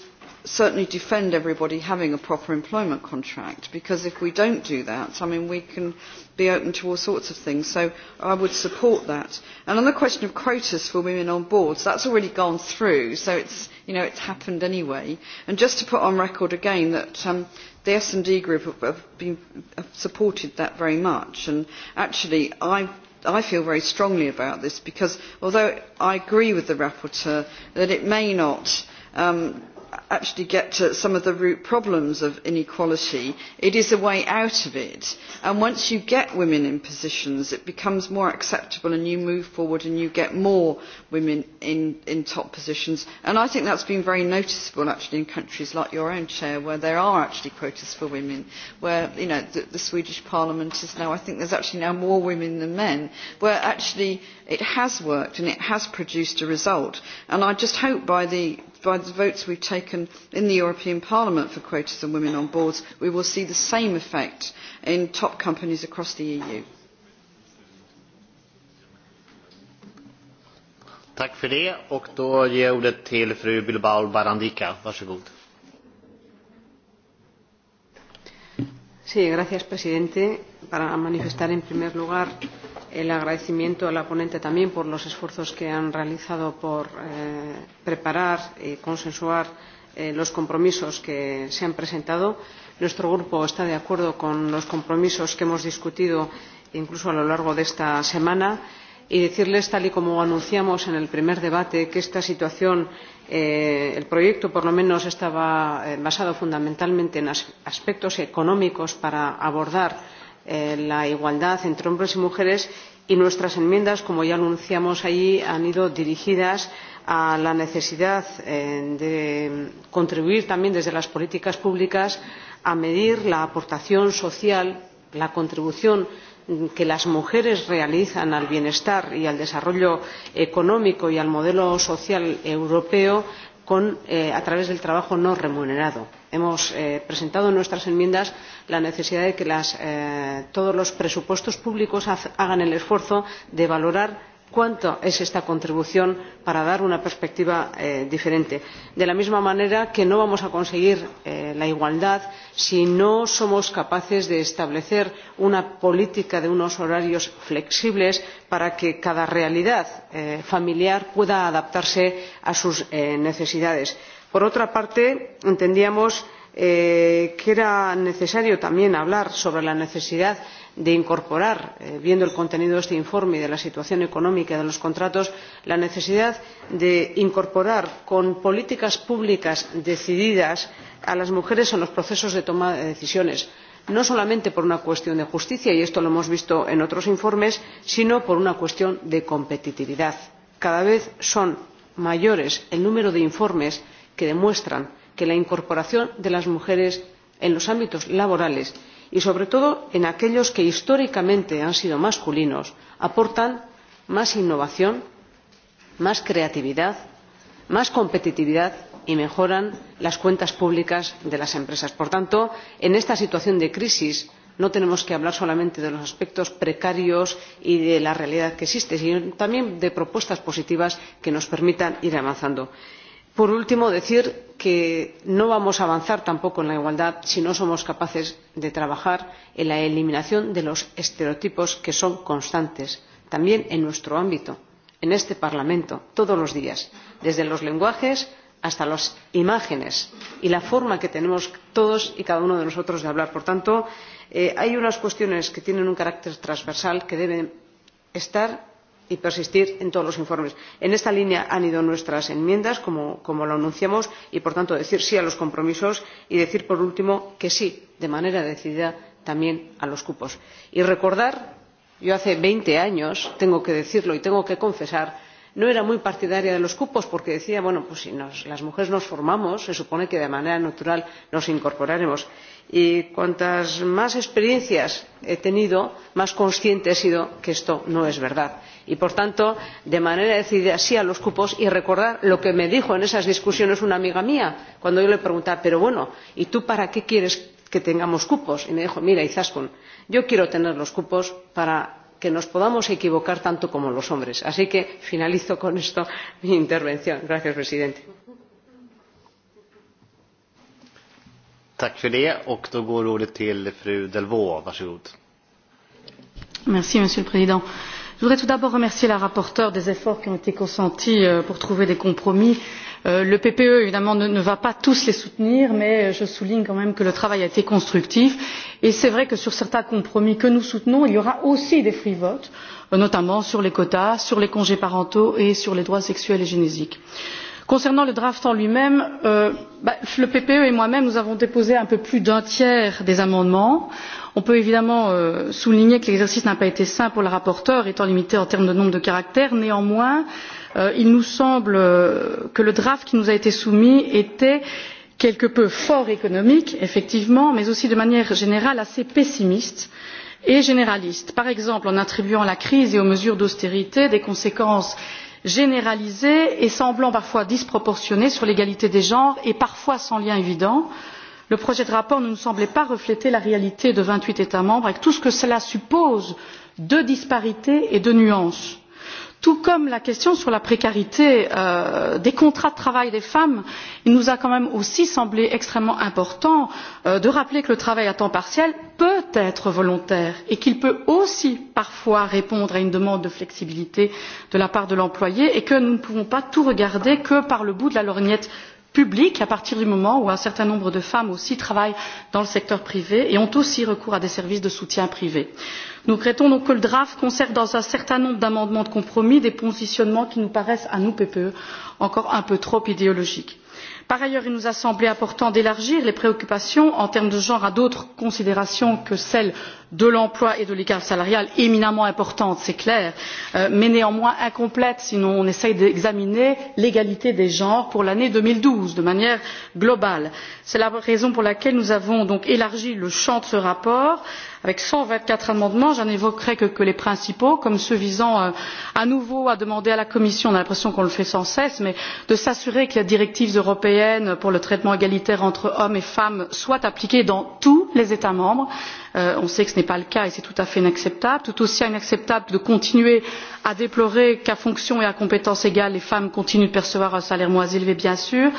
[SPEAKER 9] certainly defend everybody having a proper employment contract because if we don't do that, I mean, we can be open to all sorts of things. So I would support that. And on the question of quotas for women on boards, that's already gone through, so it's, you know, it's happened anyway. And just to put on record again that um, the S&D group have, have, been, have supported that very much. And actually, I I feel very strongly about this because although I agree with the rapporteur that it may not um, actually get to some of the root problems of inequality. It is a way out of it. And once you get women in positions, it becomes more acceptable and you move forward and you get more women in, in top positions. And I think that's been very noticeable actually in countries like your own chair where there are actually quotas for women, where you know, the, the Swedish parliament is now, I think there's actually now more women than men, where actually it has worked and it has produced a result. And I just hope by the by the votes we have taken in the European Parliament for quotas on women on boards, we will see the same effect in top companies across the EU.
[SPEAKER 1] Tack för det och då ger jag ordet till fru Bilbao Barandica. Varsågod.
[SPEAKER 4] Sí, gracias, presidente. Para manifestar en primer lugar el agradecimiento a la ponente también por los esfuerzos que han realizado por eh, preparar y consensuar eh, los compromisos que se han presentado. Nuestro grupo está de acuerdo con los compromisos que hemos discutido incluso a lo largo de esta semana y decirles, tal y como anunciamos en el primer debate, que esta situación, eh, el proyecto por lo menos estaba basado fundamentalmente en aspectos económicos para abordar Eh, la igualdad entre hombres y mujeres y nuestras enmiendas como ya anunciamos allí han ido dirigidas a la necesidad eh, de contribuir también desde las políticas públicas a medir la aportación social la contribución que las mujeres realizan al bienestar y al desarrollo económico y al modelo social europeo con, eh, a través del trabajo no remunerado. hemos eh, presentado en nuestras enmiendas la necesidad de que las, eh, todos los presupuestos públicos hagan el esfuerzo de valorar cuánto es esta contribución para dar una perspectiva eh, diferente. de la misma manera que no vamos a conseguir eh, la igualdad si no somos capaces de establecer una política de unos horarios flexibles para que cada realidad eh, familiar pueda adaptarse a sus necesidades. por otra parte entendíamos que era necesario también hablar sobre la necesidad de de incorporar eh, viendo el contenido de este informe y de la situación económica de los contratos la necesidad de incorporar con políticas públicas decididas a las mujeres en los procesos de toma de decisiones no solamente por una cuestión de justicia y esto lo hemos visto en otros informes sino por una cuestión de competitividad. cada vez es mayor el número de informes que demuestran que la incorporación de las mujeres en los ámbitos laborales y y sobre todo en aquellos que históricamente han sido masculinos aportan más innovación más creatividad más competitividad y mejoran las cuentas públicas de las empresas. por tanto en esta situación de crisis no tenemos que hablar solamente de los aspectos precarios y de la realidad que existe sino también de propuestas positivas que nos permitan ir avanzando por último decir que no vamos a avanzar tampoco en la igualdad si no somos capaces de trabajar en la eliminación de los estereotipos que son constantes también en nuestro ámbito en este parlamento todos los días desde los lenguajes hasta las imágenes y la forma que tenemos todos y cada uno de nosotros de hablar. por tanto eh, hay unas cuestiones que tienen un carácter transversal que deben estar y persistir en todos los informes. en esta línea han ido nuestras enmiendas como, lo anunciamos y por tanto decir sí a los compromisos y decir por último que sí de manera decidida también a los cupos. y recordar yo hace veinte años tengo que decirlo y tengo que confesar no era muy partidaria de los cupos porque decía bueno pues si las mujeres nos formamos se supone que de manera natural nos incorporaremos y cuantas más experiencias he tenido más consciente he sido de que esto no es verdad y por tanto de manera decidida sí a los cupos y recordar lo que me dijo en esas discusiones una amiga mía cuando yo le preguntaba pero bueno y tú para qué quieres que tengamos cupos? y me dijo mira izaskun yo quiero tener los cupos para que nos podamos equivocar tanto como los hombres. así que finalizo con esto *laughs* mi intervención. señor presidente
[SPEAKER 10] monsieur le président je voudrais tout d'abord remercier la rapporteure des efforts qui ont été consentis euh, pour trouver des compromis. Euh, le ppe évidemment ne, va pas tous les soutenir mais euh, je souligne quand même que le travail a été constructif et c'est vrai que sur certains compromis que nous soutenons il y aura aussi des free votes notamment sur les quotas sur les congés parentaux et sur les droits sexuels et génésiques concernant le rapport en lui même le ppe et moi même avons déposé un peu plus d'un tiers des amendements on peut évidemment euh, souligner que l'exercice n'a pas été simple pour la rapporteure étant limité en termes de nombre de caractères. néanmoins euh, il nous semble euh, que le draft qui nous a été soumis était quelque peu fort économique effectivement mais aussi de manière générale assez pessimiste et généraliste par exemple en attribuant à la crise et aux mesures d'austérité des conséquences généralisées et semblant parfois disproportionnées sur l'égalité des genres et parfois sans lien évident entre le projet de rapport ne nous semblait pas refléter la réalité de vingt huit états membres avec tout ce que cela suppose de disparités et de nuances tout comme la question sur la précarité euh, des contrats de travail des femmes il nous a quand même aussi semblé extrêmement important euh, de rappeler que le travail à temps partiel peut être volontaire et qu'il peut aussi parfois répondre à une demande de flexibilité de la part de l'employé et que nous ne pouvons pas tout regarder que par le bout de la lorgnette publics à partir du moment où un certain nombre de femmes aussi travaillent dans le secteur privé et ont aussi recours à des services de soutien privés. nous regrettons donc que le draft conserve dans un certain nombre d'amendements de compromis des positionnements qui nous paraissent à nous ppe encore un peu trop idéologiques. par ailleurs il nous a semblé important d'élargir les préoccupations en termes de genre à d'autres considérations que celles de l'emploi et de l'écart salarial éminemment importante c'est clair euh, mais néanmoins incomplète si on essaie d'examiner l'égalité des genres pour l'année deux mille douze de manière globale. c'est la raison pour laquelle nous avons donc élargi le champ de ce rapport avec cent vingt quatre amendements je n'évoquerai que les principaux comme ceux visant euh, à nouveau à demander à la commission on a l'impression qu'on le fait sans cesse mais de s'assurer que les directives européennes pour le traitement égalitaire entre hommes et femmes soient appliquées dans tous les états membres euh, on sait n'est pas le cas et c'est tout à fait inacceptable. tout aussi inacceptable de continuer à déplorer qu'à fonctions et à compétences égales les femmes continuent de percevoir un salaire moins élevé bien sûr mais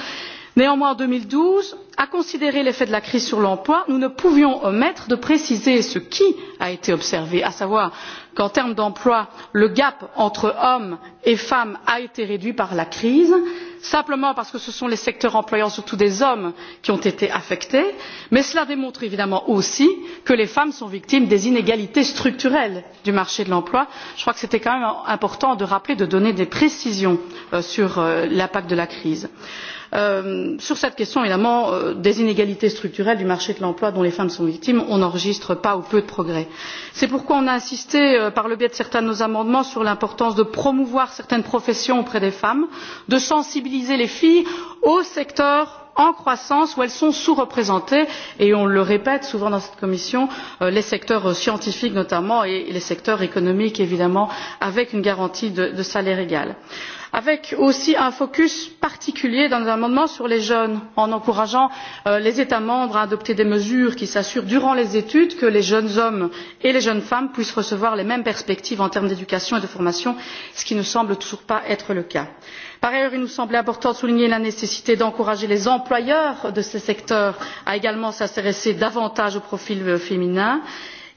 [SPEAKER 10] néanmoins en deux mille douze à considérer l'effet de la crise sur l'emploi nous ne pouvions omettre de préciser ce qui a été observé à savoir qu'en termes d'emploi le gap entre hommes et femmes a été réduit par la crise simplement parce que ce sont les secteurs employant surtout des hommes qui ont été affectés mais cela démontre évidemment aussi que les femmes sont victimes des inégalités structurelles du marché de l'emploi. je crois que c'était quand même important de rappeler de donner des précisions euh, sur euh, l'impact de la crise. enfin Euh, sur cette question évidemment euh, des inégalités structurelles du marché de l'emploi dont les femmes sont victimes on n'enregistre pas ou peu de progrès. c'est pourquoi on a insisté euh, par le biais de certains de nos amendements sur l'importance de promouvoir certaines professions auprès des femmes de sensibiliser les filles aux secteurs en croissance où elles sont sous représentées et on le répète souvent dans cette commission les secteurs scientifiques notamment et les secteurs économiques évidemment avec une garantie de, de salaire égale. enfin avec aussi un focus particulier dans nos amendements sur les jeunes en encourageant euh, les états membres à adopter des mesures qui s'assurent durant les études que les jeunes hommes et les jeunes femmes puissent recevoir les mêmes perspectives en termes d'éducation et de formation ce qui ne semble toujours pas être le cas. par ailleurs il nous semblait important de souligner la nécessité d'encourager les employeurs de ces secteurs à également s'intéresser davantage au profil euh, féminin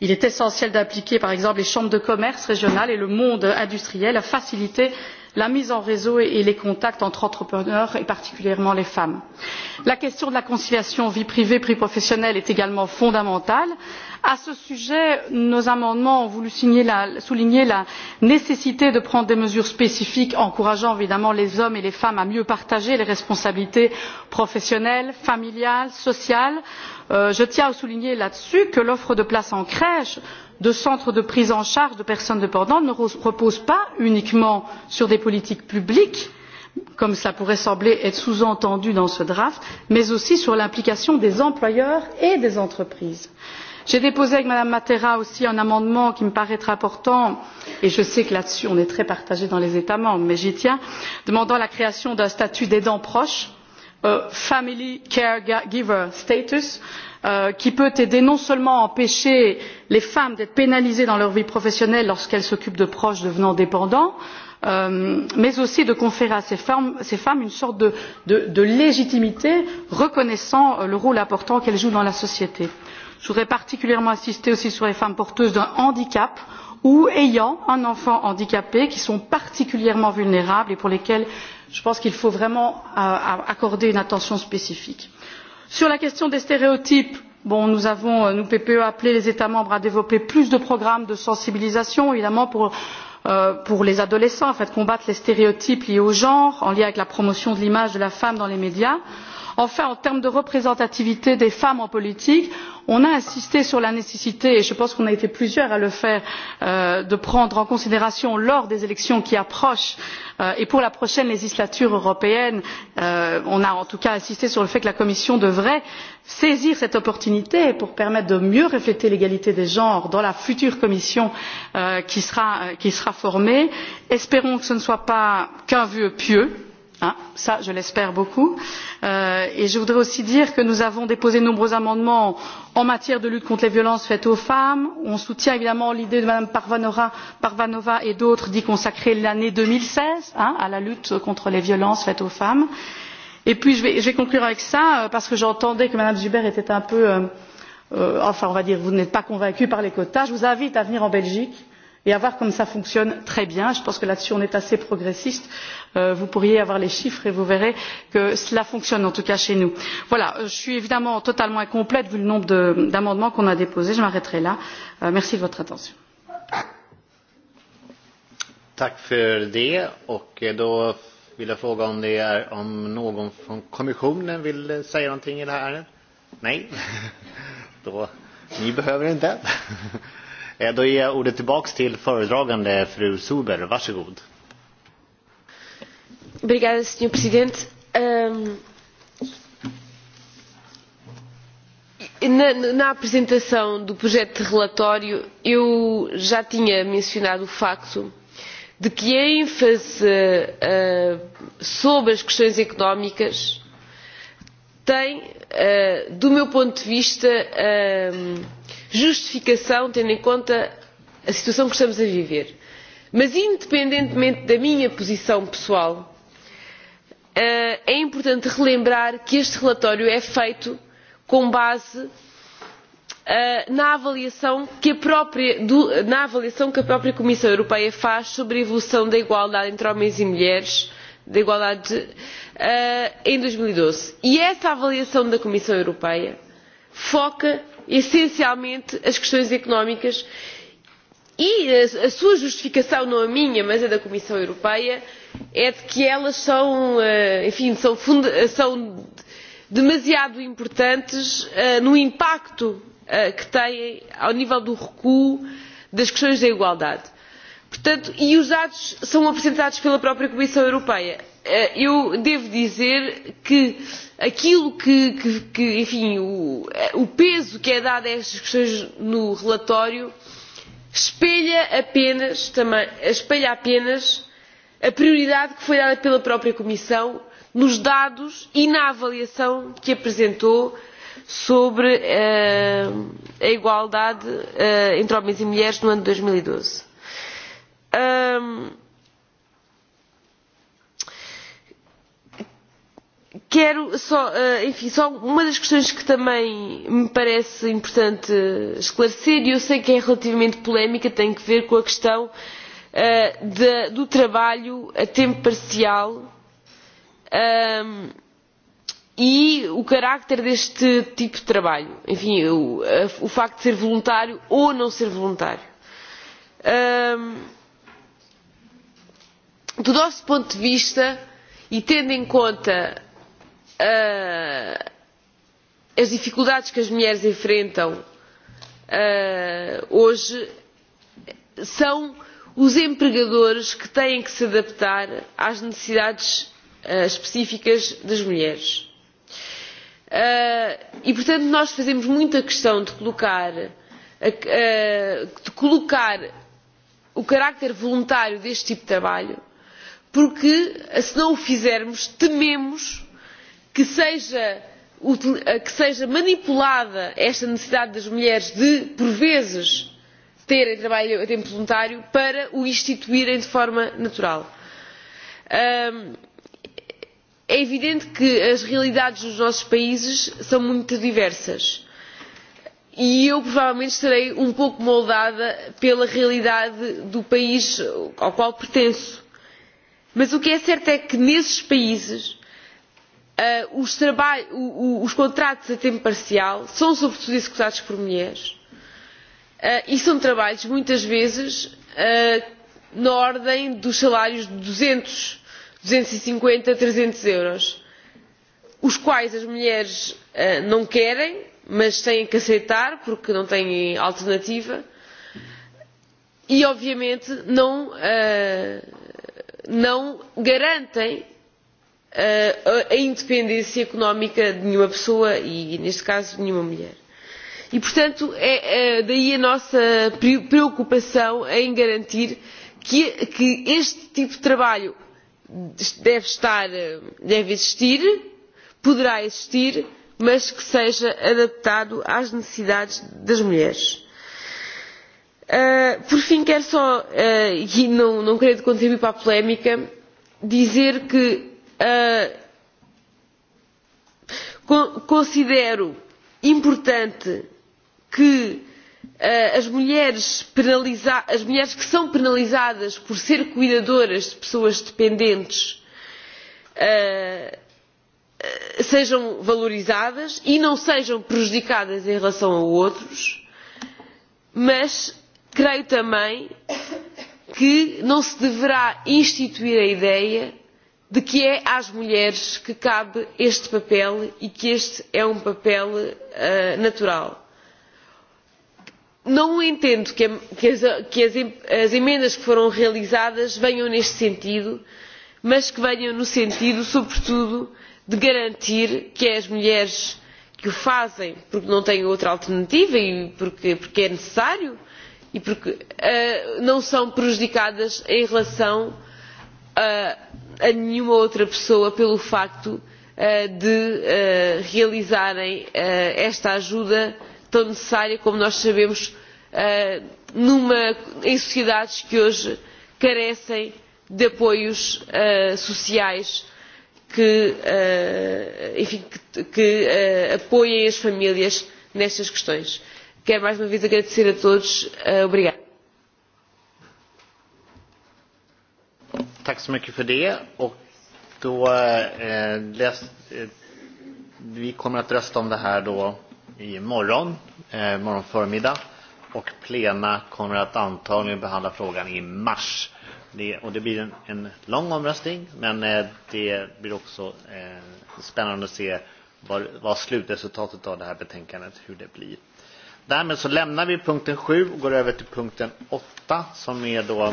[SPEAKER 10] il est essentiel d'impliquer par exemple les chambres de commerce régionales et le monde industriel à faciliter la mise en réseau et les contacts entre entrepreneurs et particulièrement les femmes. la question de la conciliation vie privée vie professionnelle est également fondamentale. à ce sujet nos amendements ont voulu souligner la nécessité de prendre des mesures spécifiques encourageant évidemment les hommes et les femmes à mieux partager les responsabilités professionnelles familiales sociales. Euh, je tiens à souligner là dessus que l'offre de places en crèche de centres de prise en charge de personnes dépendantes ne repose pas uniquement sur des politiques publiques comme cela pourrait sembler être sous entendu dans ce rapport mais aussi sur l'implication des employeurs et des entreprises. j'ai déposé avec mme matera aussi un amendement qui me paraît très important et je sais que là dessus on est très partagé dans les états membres mais j'y tiens demandant la création d'un statut d'aidant proche euh, family caregiver status Euh, qui peut aider non seulement à empêcher les femmes d'être pénalisées dans leur vie professionnelle lorsqu'elles s'occupent de proches devenant dépendants euh, mais aussi à conférer à ces femmes une sorte de légitimité reconnaissant euh, le rôle important qu'elles jouent dans la société. je voudrais particulièrement insister aussi sur les femmes porteuses d'un handicap ou ayant un enfant handicapé qui sont particulièrement vulnérables et pour lesquelles je pense qu'il faut vraiment accorder une attention spécifique sur la question des stéréotypes nous avons euh, nous ppe appelé les états membres à développer plus de programmes de sensibilisation évidemment pour, euh, les adolescents afin de combattre les stéréotypes liés au genre en lien avec la promotion de l'image de la femme dans les médias. mais enfin en termes de représentativité des femmes en politique on a insisté sur la nécessité et je pense qu'on a été plusieurs à le faire euh, de prendre en considération lors des élections qui approchent euh, et pour la prochaine législature européenne euh, on a en tout cas insisté sur le fait que la commission devrait saisir cette opportunité pour permettre de mieux refléter l'égalité des genres dans la future commission qui sera formée. espérons que ce ne soit pas qu'un vœu pieux Hein, ah, ça, je l'espère beaucoup. Euh, et je voudrais aussi dire que nous avons déposé de nombreux amendements en matière de lutte contre les violences faites aux femmes. nous soutenons évidemment l'idée de mme parvanova et d'autres d'y consacrer l'année deux mille seize à la lutte contre les violences faites aux femmes. et puis je vais, conclure avec cela euh, parce que j'entendais que mme zuber était un peu euh, enfin on va dire vous n'êtes pas convaincue par les quotas. je vous invite à venir en belgique et à voir comme cela fonctionne très bien je pense que là dessus on est assez progressiste euh, vous pourriez avoir les chiffres et vous verrez que cela fonctionne en tout cas chez nous. Voilà, euh, je suis évidemment totalement incomplète vu le nombre d'amendements qu'on a déposés je m'arrêterai là. Euh, merci de votre attention.
[SPEAKER 1] *laughs* Eh, då ger jag ordet tillbaks till föredragande fru Zuber. Varsågod.
[SPEAKER 2] Obrigada, senhor presidente. Um, na, na apresentação do projeto de relatório, eu já tinha mencionado o facto de que a ênfase uh, sobre as questões económicas tem, uh, do meu ponto de vista, uh, justificação tendo em conta a situação que estamos a viver. Mas, independentemente da minha posição pessoal, eh, é importante relembrar que este relatório é feito com base eh, na avaliação, própria, na avaliação que a própria comissão europeia faz sobre a evolução da igualdade entre homens e mulheres da igualdade eh, em dois mil e doze e essa avaliação da comissão europeia foca essencialmente as questões económicas e a sua justificação não a minha mas a da comissão europeia é de que elas são eh, enfim são, demasiado importantes eh, no impacto eh, que têm ao nível do recuo das questões da igualdade. Portanto, e os dados são apresentados pela própria comissão europeia Eh, eu devo dizer que aquilo que, que, que enfim, o, eh, o peso que é dado a estas questões no relatório espelha apenas, também, espelha apenas a prioridade que foi dada pela própria Comissão nos dados e na avaliação que apresentou sobre uh, a igualdade uh, entre homens e mulheres no ano de 2012. Um, quero só eh, enfim só uma das questões que também me parece importante eh, esclarecer e eu sei que é relativamente polémica tem que ver com a questão eh, da, do trabalho a tempo parcial ehm, e o carácter deste tipo de trabalho enfim o, facto de ser voluntário ou não ser voluntário. Ehm, do nosso ponto de vista e tendo em conta uh, as dificuldades que as mulheres enfrentam uh, hoje são os empregadores que têm que se adaptar às necessidades uh, específicas das mulheres. Uh, e portanto nós fazemos muita questão de colocar, uh, de colocar o carácter voluntário deste tipo de trabalho porque se não o fizermos tememos que seja que seja manipulada esta necessidade das mulheres de por vezes terem trabalho a tempo voluntário para o instituírem de forma natural. É evidente que as realidades dos nossos países são muito diversas e eu provavelmente estarei um pouco moldada pela realidade do país ao qual pertenço. Mas o que é certo é que nesses países Eh, os, os contratos a tempo parcial são sobretudo executados por mulheres eh, e são trabalhos muitas vezes eh, na ordem dos salários de duzentos duzentos e cinquenta trezentos euros os quais as mulheres não querem mas têm que aceitar porque não têm alternativa e obviamente não, não garantem Eh, a independência económica de nenhuma pessoa e, neste caso, de nenhuma mulher. E, portanto, é, daí a nossa preocupação em garantir que, este tipo de trabalho deve, estar, deve existir, poderá existir, mas que seja adaptado às necessidades das mulheres. Eh, por fim, quero só, eh, e não, não querendo contribuir para a polémica, dizer que Ah, considero importante que ah, as mulheres, as mulheres que são penalizadas por serem cuidadoras de pessoas dependentes ah, sejam valorizadas e não sejam prejudicadas em relação a outros mas creio também que não se deverá instituir a ideia de que é às mulheres que cabe este papel e que este é um papel uh, natural. Não entendo que, que, as, que as, as emendas que foram realizadas venham neste sentido, mas que venham no sentido, sobretudo, de garantir que é as mulheres que o fazem porque não têm outra alternativa e porque, porque é necessário e porque uh, não são prejudicadas em relação uh, a nenhuma outra pessoa pelo facto eh, de eh, realizarem eh, esta ajuda tão necessária como nós sabemos em sociedades que hoje carecem de apoios sociais que apoiem as famílias nestas questões. Quero mais uma vez agradecer a todos. Obrigada.
[SPEAKER 1] Tack så mycket för det. Och då, eh, läs, eh, vi kommer att rösta om det här då i morgon, eh, morgon förmiddag. Och plena kommer att antagligen behandla frågan i mars. Det, och det blir en, en lång omröstning, men eh, det blir också eh, spännande att se vad, vad slutresultatet av det här betänkandet, hur det blir. Därmed så lämnar vi punkten 7 och går över till punkten 8 som är då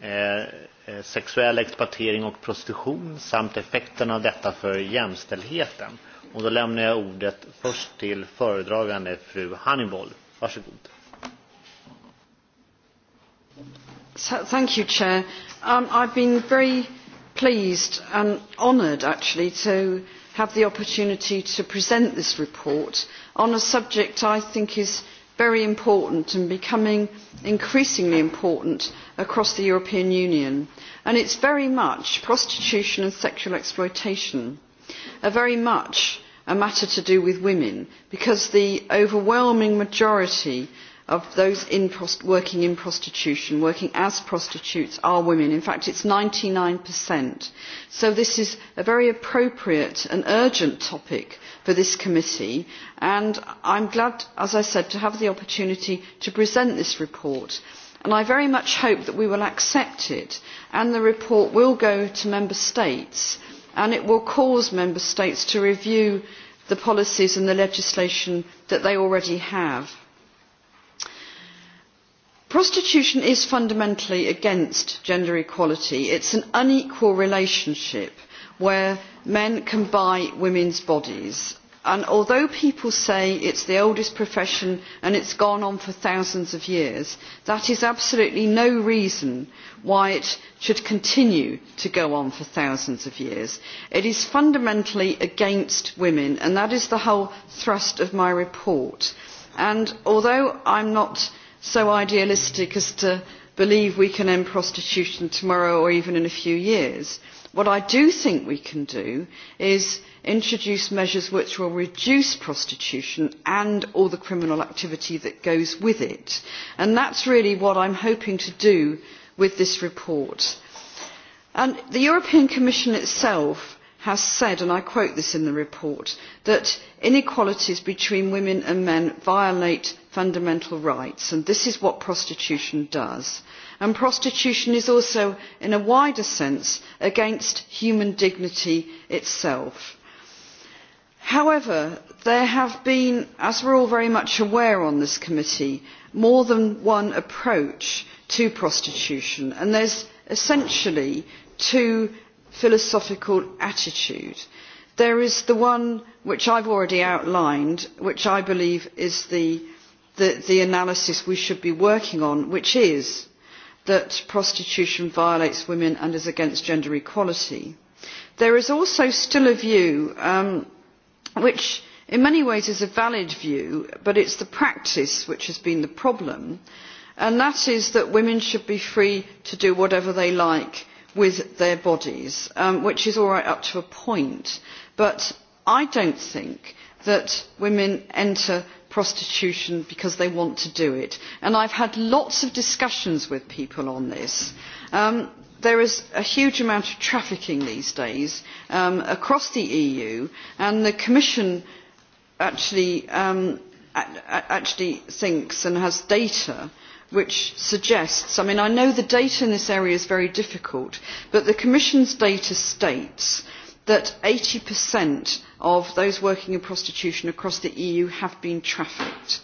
[SPEAKER 1] Eh, eh, sexuell exploatering och prostitution samt effekterna av detta för jämställdheten. Och då lämnar jag ordet först till föredragande fru Hannibal. Varsågod.
[SPEAKER 9] Thank you, Chair. Um, I've been very pleased and honoured actually to have the opportunity to present this report on a subject I think is very important and becoming increasingly important across the European Union, and it's very much prostitution and sexual exploitation, are very much a matter to do with women, because the overwhelming majority of those in working in prostitution, working as prostitutes, are women. In fact, it's 99%. So this is a very appropriate and urgent topic for this committee and i am glad as i said to have the opportunity to present this report and i very much hope that we will accept it and the report will go to member states and it will cause member states to review the policies and the legislation that they already have. prostitution is fundamentally against gender equality. it is an unequal relationship where men can buy women's bodies and although people say it is the oldest profession and it has gone on for thousands of years that is absolutely no reason why it should continue to go on for thousands of years. it is fundamentally against women and that is the whole thrust of my report. And although i am not so idealistic as to believe we can end prostitution tomorrow or even in a few years what i do think we can do is introduce measures which will reduce prostitution and all the criminal activity that goes with it. And that's really what I'm hoping to do with this report. And the European Commission itself has said, and I quote this in the report, that inequalities between women and men violate fundamental rights, and this is what prostitution does. And prostitution is also, in a wider sense, against human dignity itself however there have been as we are all very much aware on this committee more than one approach to prostitution and there are essentially two philosophical attitudes. there is the one which i have already outlined which i believe is the, the, the analysis we should be working on which is that prostitution violates women and is against gender equality. there is also still a view um, which in many ways is a valid view but it is the practice which has been the problem and that is that women should be free to do whatever they like with their bodies um, which is all right up to a point but i do not think that women enter prostitution because they want to do it and i have had lots of discussions with people on this. Um, there is a huge amount of trafficking these days um, across the EU, and the Commission actually, um, actually thinks and has data which suggests, I mean, I know the data in this area is very difficult, but the Commission's data states that 80% of those working in prostitution across the EU have been trafficked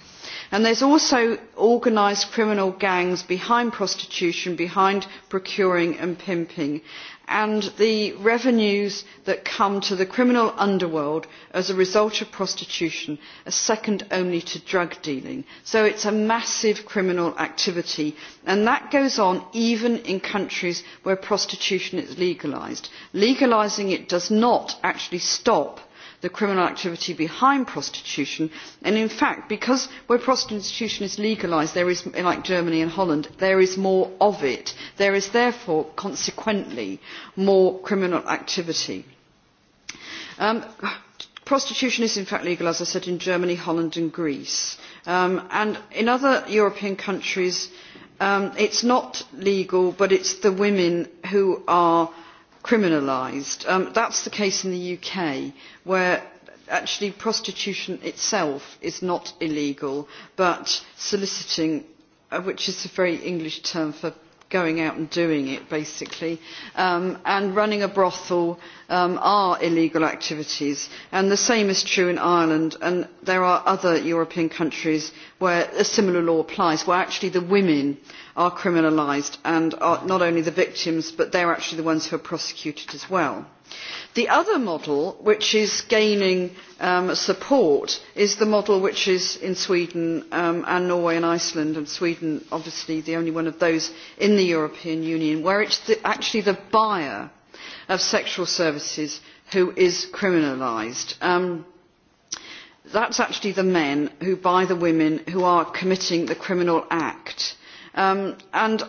[SPEAKER 9] and there are also organised criminal gangs behind prostitution behind procuring and pimping and the revenues that come to the criminal underworld as a result of prostitution are second only to drug dealing so it is a massive criminal activity and that goes on even in countries where prostitution is legalised. legalising it does not actually stop the criminal activity behind prostitution and in fact because where prostitution is legalised like germany and holland there is more of it there is therefore consequently more criminal activity. Um, prostitution is in fact legal as i said in germany holland and greece um, and in other european countries um, it is not legal but it is the women who are criminalised. Um, that's the case in the UK, where actually prostitution itself is not illegal, but soliciting, uh, which is a very English term for going out and doing it basically um, and running a brothel um, are illegal activities and the same is true in Ireland and there are other European countries where a similar law applies where actually the women are criminalised and are not only the victims but they're actually the ones who are prosecuted as well the other model which is gaining um, support is the model which is in sweden um, and norway and iceland and sweden obviously the only one of those in the european union where it is actually the buyer of sexual services who is criminalised. Um, that is actually the men who buy the women who are committing the criminal act. Um, and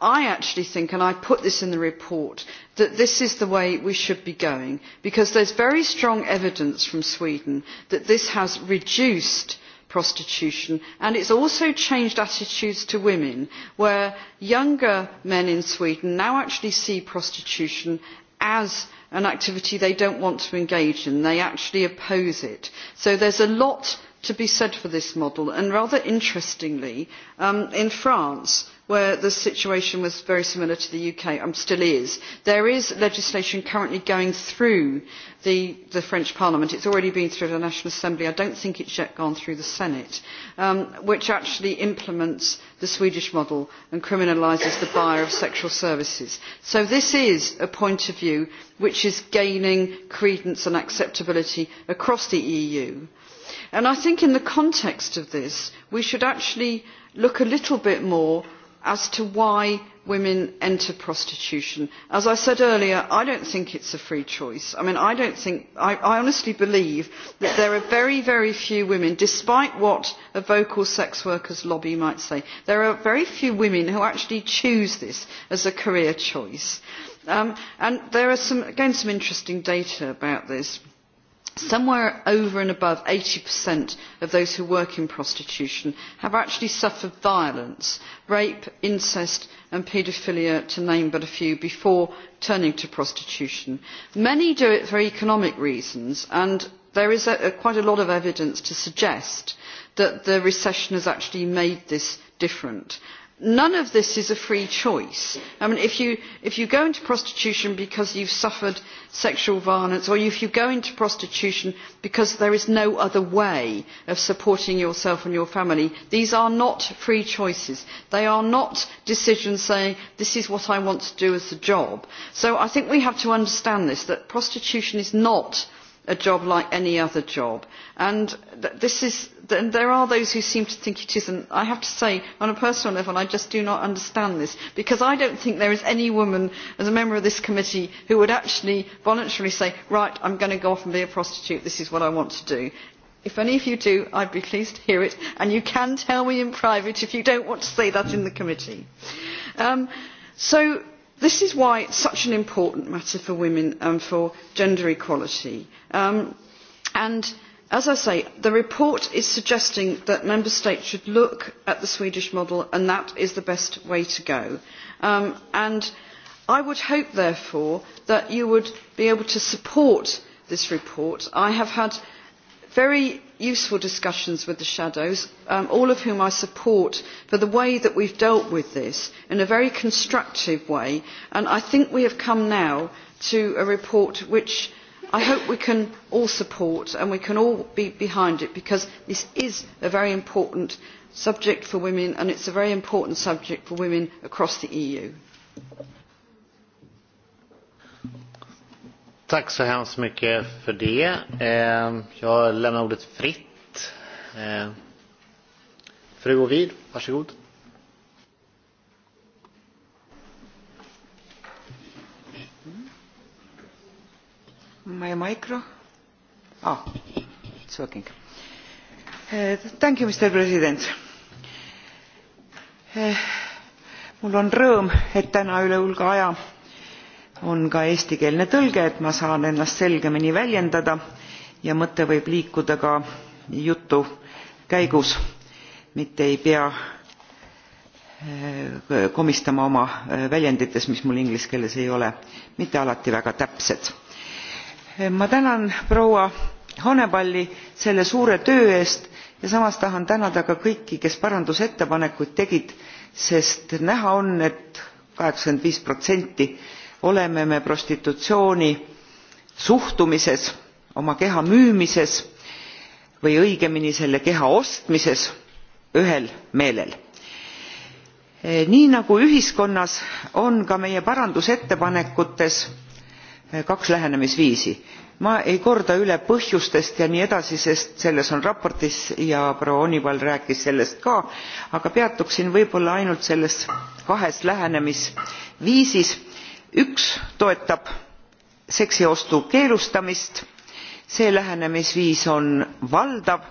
[SPEAKER 9] I actually think, and I put this in the report, that this is the way we should be going because there is very strong evidence from Sweden that this has reduced prostitution and it has also changed attitudes to women where younger men in Sweden now actually see prostitution as an activity they don't want to engage in. They actually oppose it. So there's a lot to be said for this model and rather interestingly, um, in France, where the situation was very similar to the uk and um, still is. there is legislation currently going through the, french parliament it has already been through the national assembly i do not think it has yet gone through the senate um, which actually implements the swedish model and criminalises the buyer of sexual services. so this is a point of view which is gaining credence and acceptability across the eu. And i think in the context of this we should actually look a little bit more as to why women enter prostitution. as i said earlier i do not think it is a free choice. I, mean, I, think, I, I honestly believe that there are very very few women despite what a vocal sex workers lobby might say there are very few women who actually choose this as a career choice. Um, and there are some, again some interesting data about this somewhere over and above 80% of those who work in prostitution have actually suffered violence, rape, incest and paedophilia, to name but a few, before turning to prostitution. Many do it for economic reasons and there is a, a, quite a lot of evidence to suggest that the recession has actually made this different none of this is a free choice. I mean, if, you, if you go into prostitution because you've suffered sexual violence or if you go into prostitution because there is no other way of supporting yourself and your family, these are not free choices. They are not decisions saying, this is what I want to do as a job. So I think we have to understand this, that prostitution is not a job like any other job. And this is, there are those who seem to think it isn't. I have to say, on a personal level, I just do not understand this because I don't think there is any woman, as a member of this committee, who would actually voluntarily say, right, I'm going to go off and be a prostitute. This is what I want to do. If any of you do, I'd be pleased to hear it. And you can tell me in private if you don't want to say that in the committee. Um, so this is why it is such an important matter for women and for gender equality. Um, and as i say the report is suggesting that member states should look at the swedish model and that is the best way to go. Um, and i would hope therefore that you would be able to support this report. i have had very useful discussions with the shadows um, all of whom i support for the way that we have dealt with this in a very constructive way and i think we have come now to a report which i hope we can all support and we can all be behind it because this is a very important subject for women and it is a very important subject for women across the eu.
[SPEAKER 1] Tack så hemskt mycket för det. Ehm, jag lämnar ordet fritt. Ehm, fru Ovid, varsågod.
[SPEAKER 11] My micro? Ah, it's working. Uh, thank you, Mr President uh,. mul on rõõm, et täna üle hulga aja on ka eestikeelne tõlge et ma saan ennast selgemini väljendada ja mõte võib liikuda ka jutu käigus mitte ei pea eh, komistama oma eh, väljendites mis mul inglise keeles ei ole mitte alati väga täpsed. Eh, ma tänan proua honeballi selle suure töö eest ja samas tahan tänada ka kõiki kes parandusettepanekuid tegid sest näha on et 95 oleme me prostitutsiooni suhtumises oma keha müümises või õigemini selle keha ostmises ühel meelel. nii nagu ühiskonnas on ka meie parandusettepanekutes kaks lähenemisviisi. ma ei korda üle põhjustest ja nii edasi sest selles on raportis ja proua honeywell rääkis sellest ka aga peatuksin võib olla ainult selles kahes lähenemisviisis üks toetab seksiostu keelustamist see lähenemisviis on valdav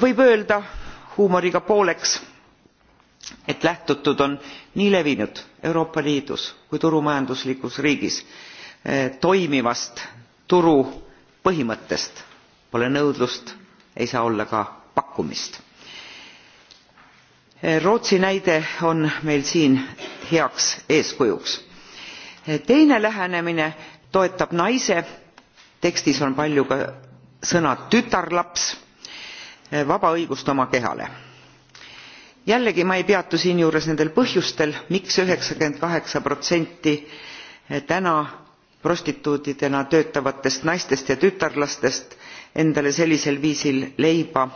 [SPEAKER 11] võib öelda huumoriga pooleks et lähtutud on nii levinud euroopa liidus kui turumajanduslikus riigis eh, toimivast turu põhimõttest pole nõudlust ei saa olla ka pakkumist rootsi näide on meil siin heaks eeskujuks. teine lähenemine toetab naise tekstis on palju ka sõna tütarlaps vaba õigust oma kehale. jällegi ma ei peatu siinjuures nendel põhjustel miks täna prostituutidena töötavatest naistest ja tütarlastest endale sellisel viisil leiba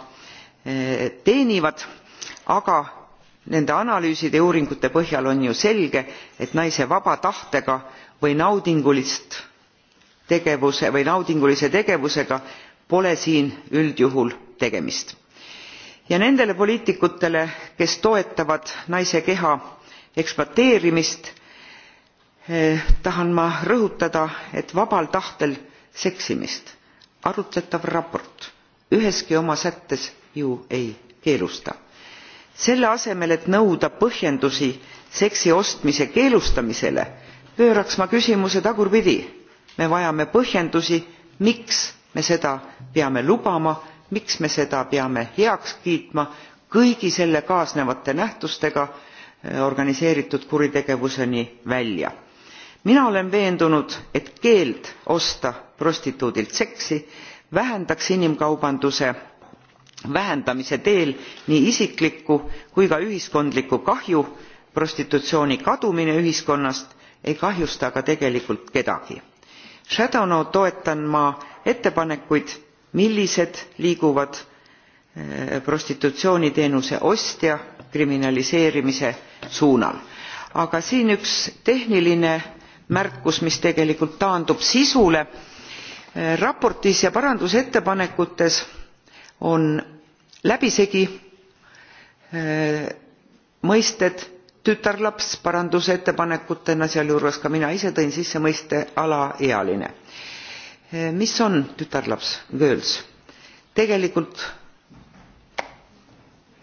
[SPEAKER 11] eh, teenivad aga nende analüüside ja uuringute põhjal on ju selge et naise vaba tahtega või naudingulise tegevusega pole siin üldjuhul tegemist. ja nendele poliitikutele kes toetavad naise keha ekspluateerimist eh, tahan ma rõhutada et vabal tahtel seksimist arutletav raport üheski oma sättes ju ei keelusta selle asemel et nõuda põhjendusi seksi ostmise keelustamisele pööraks ma küsimuse tagurpidi me vajame põhjendusi miks me seda peame lubama miks me seda peame heaks kiitma kõigi selle kaasnevate nähtustega eh, organiseeritud kuritegevuseni välja. mina olen veendunud et keeld osta prostituudilt seksi vähendaks inimkaubanduse vähendamise teel nii isiklikku kui ka ühiskondlikku kahju prostitutsiooni kadumine ühiskonnast ei kahjusta aga tegelikult kedagi. toetan ma ettepanekuid millised liiguvad eh, prostitutsiooniteenuse ostja kriminaliseerimise suunal aga siin üks tehniline märkus mis tegelikult taandub sisule eh, raportis ja parandusettepanekutes on läbisegi äh, mõisted tütarlaps parandusettepanekutena sealjuures ka mina ise tõin sisse mõiste alaealine. Äh, mis on tütarlaps girls? tegelikult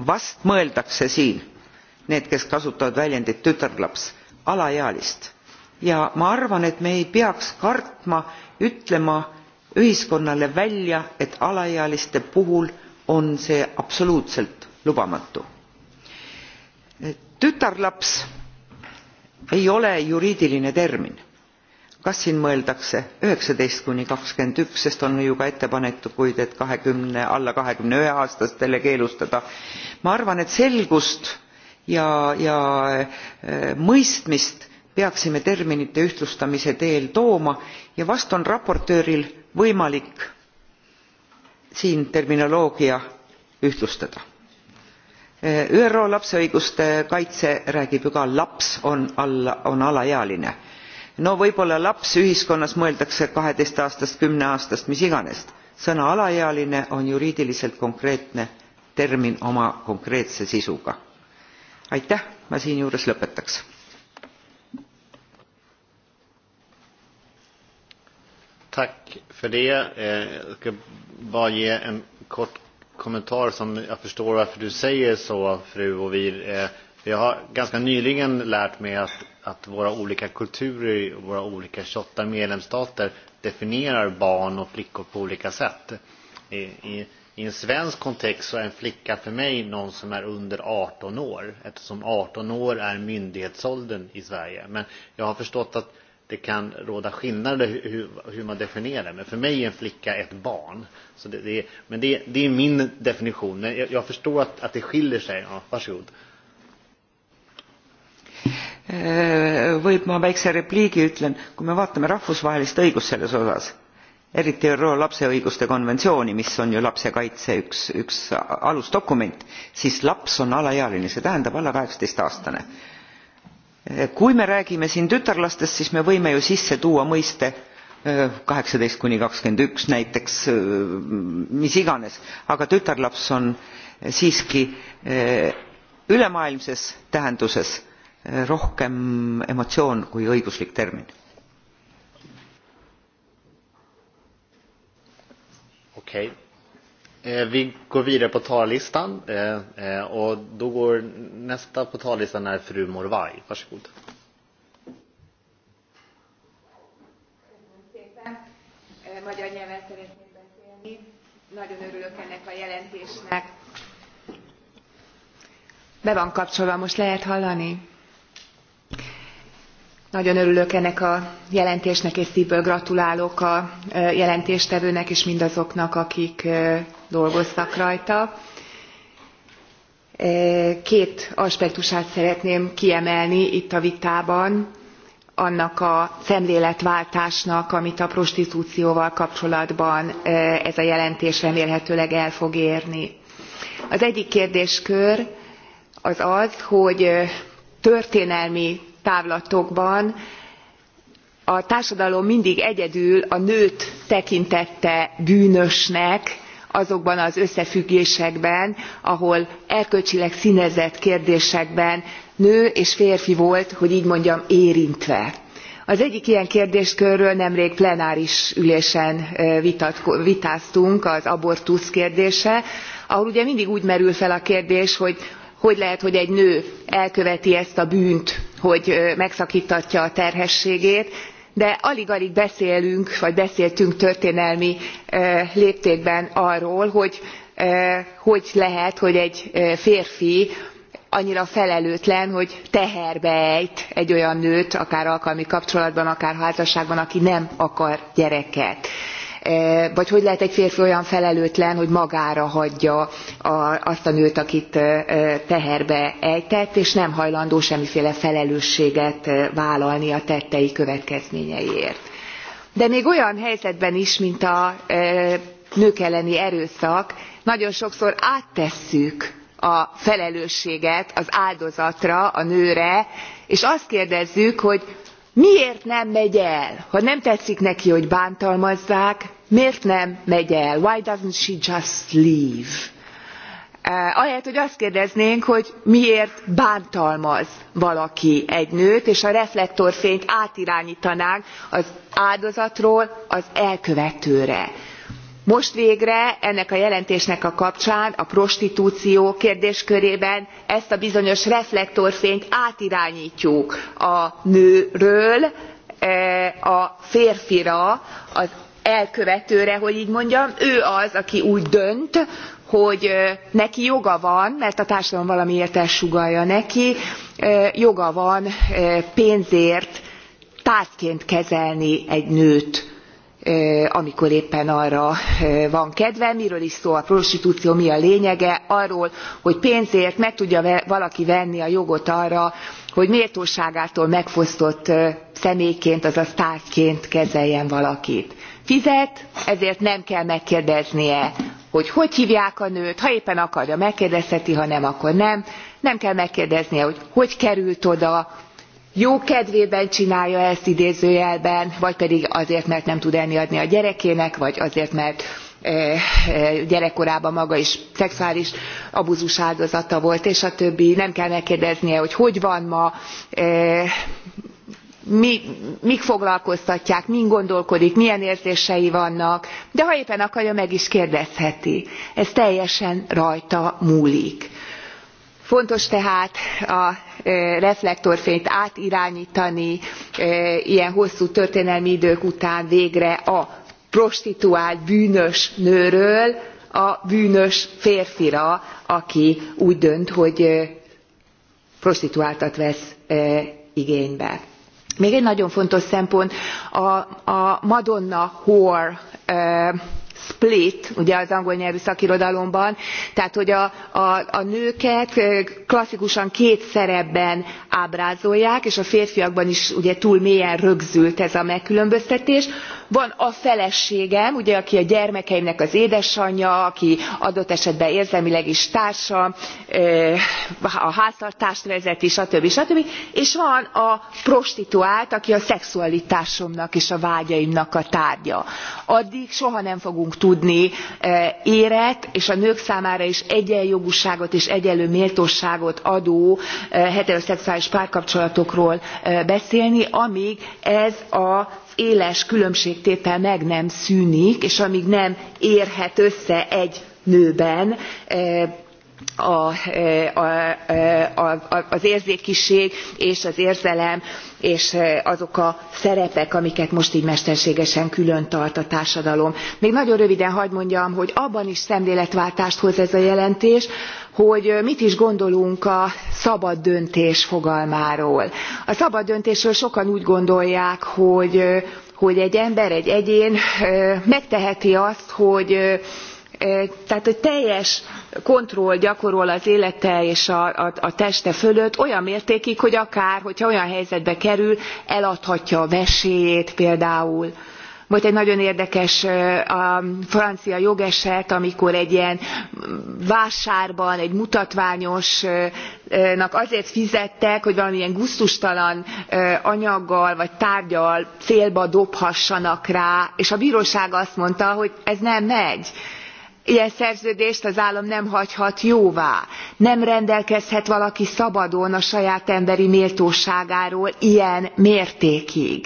[SPEAKER 11] vast mõeldakse siin need kes kasutavad väljendit tütarlaps alaealist ja ma arvan et me ei peaks kartma ütlema ühiskonnale välja et alaealiste puhul on see absoluutselt lubamatu. tütarlaps ei ole juriidiline termin kas siin mõeldakse üheksateist kuni kakskümmend üks sest on ju ka ettepanekuid et kahekümne alla kahekümne ühe aastastele keelustada ma arvan et selgust ja ja mõistmist peaksime terminite ühtlustamise teel tooma ja vast on raportööril võimalik siin terminoloogia ühtlustada. üro lapse õiguste kaitse räägib ju ka laps on alaealine no võibolla laps ühiskonnas mõeldakse kaheteist aastast kümne aastast mis iganes sõna alaealine on juriidiliselt konkreetne termin oma konkreetse sisuga. aitäh ma siinjuures lõpetaks.
[SPEAKER 1] Tack för det. Eh, jag ska bara ge en kort kommentar som jag förstår varför du säger så, fru och eh, vi. Jag har ganska nyligen lärt mig att, att våra olika kulturer och våra olika 28 medlemsstater definierar barn och flickor på olika sätt. I, i, i en svensk kontext så är en flicka för mig någon som är under 18 år eftersom 18 år är myndighetsåldern i Sverige. Men jag har förstått att det kan råda skillnader hur, hur man definierar Men för mig är en flicka ett barn. Så det, det, är, men det, det är min definition. Men jag, jag förstår att, att det skiljer sig. Ja, varsågod.
[SPEAKER 11] Eh, võib ma väikse repliigi ütlen, kui me vaatame rahvusvahelist õigust selles osas, eriti ÜRO lapse õiguste konventsiooni, mis on ju lapse kaitse üks, üks alusdokument, siis laps on alaealine, see tähendab alla kaheksateist aastane Eh, kui me räägime siin tütarlastest siis me võime ju sisse tuua mõiste eh, kuni näiteks eh, mis iganes aga tütarlaps on siiski ülemaailmses tähenduses rohkem emotsioon kui õiguslik termin.
[SPEAKER 1] okei okay Eh, vi går vidare på talarlistan eh, eh, och då går nästa på talarlistan är fru Morvaj. Varsågod.
[SPEAKER 8] Magyar nyelven szeretnék Be van kapcsolva, most lehet hallani? nagyon örülök ennek a jelentésnek és szvből gratulálok a jelentéstevőnek és mindazoknak akik dolgoztak rajta. két aspektusát szeretném kiemelni itt a vitában annak a szemléletváltásnak amit a prostitúcióval kapcsolatban ez a jelentés remélhetőleg el fog érni. az egyik kérdéskör az az hogy történelmi távlatokban a társadalom mindig egyedül a nőt tekintette bűnösnek azokban az összefüggésekben ahol erkölcsileg sznezett kérdésekben nő és férfi volt hogy gy mondjam érintve. az egyik ilyen kérdéskörről nemrég plenáris ülésen vitáztunk az abortusz kérdése ahol ugye mindig úgy merül fel a kérdés hogy hogy lehet hogy egy nő elköveti ezt a bűnt hogy megszakttatja a terhességét de alig alig beszélünk vagy beszéltünk történelmi léptékben arról hogy hogy lehet hogy egy férfi annyira felelőtlen hogy teherbe ejt egy olyan nőt akár alkalmi kapcsolatban akár házasságban aki nem akar gyereket. Eh, vagy hogy lehet egy férfi olyan felelőtlen hogy magára hagyja azt a nőt akit eh, teherbe ejtett és nem hajlandó semmiféle felelősséget eh, vállalni a tettei következményeiért. de még olyan helyzetben is mint a nők elleni erőszak nagyon sokszor áttesszük a felelősséget az áldozatra a nőre és azt kérdezzük hogy miért nem megy el ha nem tetszik neki hogy bántalmazzák miért nem megy el why doesn't she just leave eh, ahelyett hogy azt kérdeznénk hogy miért bántalmaz valaki egy nőt és a reflektorfényt átiránytanánk az áldozatról az elkövetőre most végre ennek a jelentésnek a kapcsán a prostitúció kérdéskörében ezt a bizonyos reflektorfényt átiránytjuk a nőről eh, a férfira az elkövetőre hogy gy mondjam ő az aki úgy dönt hogy eh, neki joga van mert a társadalom valamiért ezt sugallja neki eh, joga van pénzért tárgyként kezelni egy nőt amikor éppen arra van kedve. miről is szól a prostitúció mi a lényege? arról hogy pénzért meg tudja valaki venni a jogot arra hogy méltóságától megfosztott személyként azaz tárgyként kezeljen valakit. fizet ezért nem kell megkérdeznie hogy hogy hvják a nőt ha éppen akarja megkérdezheti ha nem akkor nem nem kell megkérdeznie hogy hogy került oda jó kedvében csinálja ezt idézőjelben vagy pedig azért mert nem tud enni adni a gyerekének vagy azért mert eh, eh, gyerekkorában maga is szexuális abuzus áldozata volt és a többi nem kell megkérdeznie hogy hogy van ma eh, mi, mik foglalkoztatják min gondolkodik milyen érzései vannak de ha éppen akarja meg is kérdezheti ez teljesen rajta múlik. fontos tehát a reflektorfényt átiránytani ilyen hosszú történelmi idők után végre a prostituált bűnös nőről a bűnös férfira aki úgy dönt hogy prostituáltat vesz igénybe. még egy nagyon fontos szempont a, a madonna whore split ugye az angol nyelvű szakirodalomban tehát hogy a, a, a nőket klasszikusan két szerepben ábrázolják és a férfiakban is ugye túl mélyen rögzült ez a megkülönböztetés van a feleségem ugye aki a gyermekeimnek az édesanyja aki adott esetben érzelmileg is társam a háztartást vezeti stb. stb. és van a prostituált aki a szexualitásomnak és a vágyaimnak a tárgya. addig soha nem fogunk tudni eh, érett és a nők számára is egyenjogúságot és egyenlő méltóságot adó eh, heteroszexuális párkapcsolatokról eh, beszélni amg ez az éles különbségtétel meg nem szűnik és amg nem érhet össze egy nőben az érzékiség és az érzelem és azok a szerepek amiket most gy mesterségesen külön tart a társadalom. még nagyon röviden hadd mondjam hogy abban is szemléletváltást hoz ez a jelentés hogy mit is gondolunk a szabad döntés fogalmáról. a szabad döntésről sokan úgy gondolják hogy egy ember egy egyén megteheti azt hogy tehát hogy teljes kontroll gyakorol az élete és a, teste fölött olyan mértékig hogy akár hogyha olyan helyzetbe kerül eladhatja a veséjét például volt egy nagyon érdekes francia jogeset amikor egy ilyen vásárban egy mutatványosnak azért fizettek hogy valamilyen gusztustalan anyaggal vagy tárggyal célba dobhassanak rá és a bróság azt mondta hogy ez nem megy ilyen szerződést az állam nem hagyhat jóvá nem rendelkezhet valaki szabadon a saját emberi méltóságáról ilyen mértékig.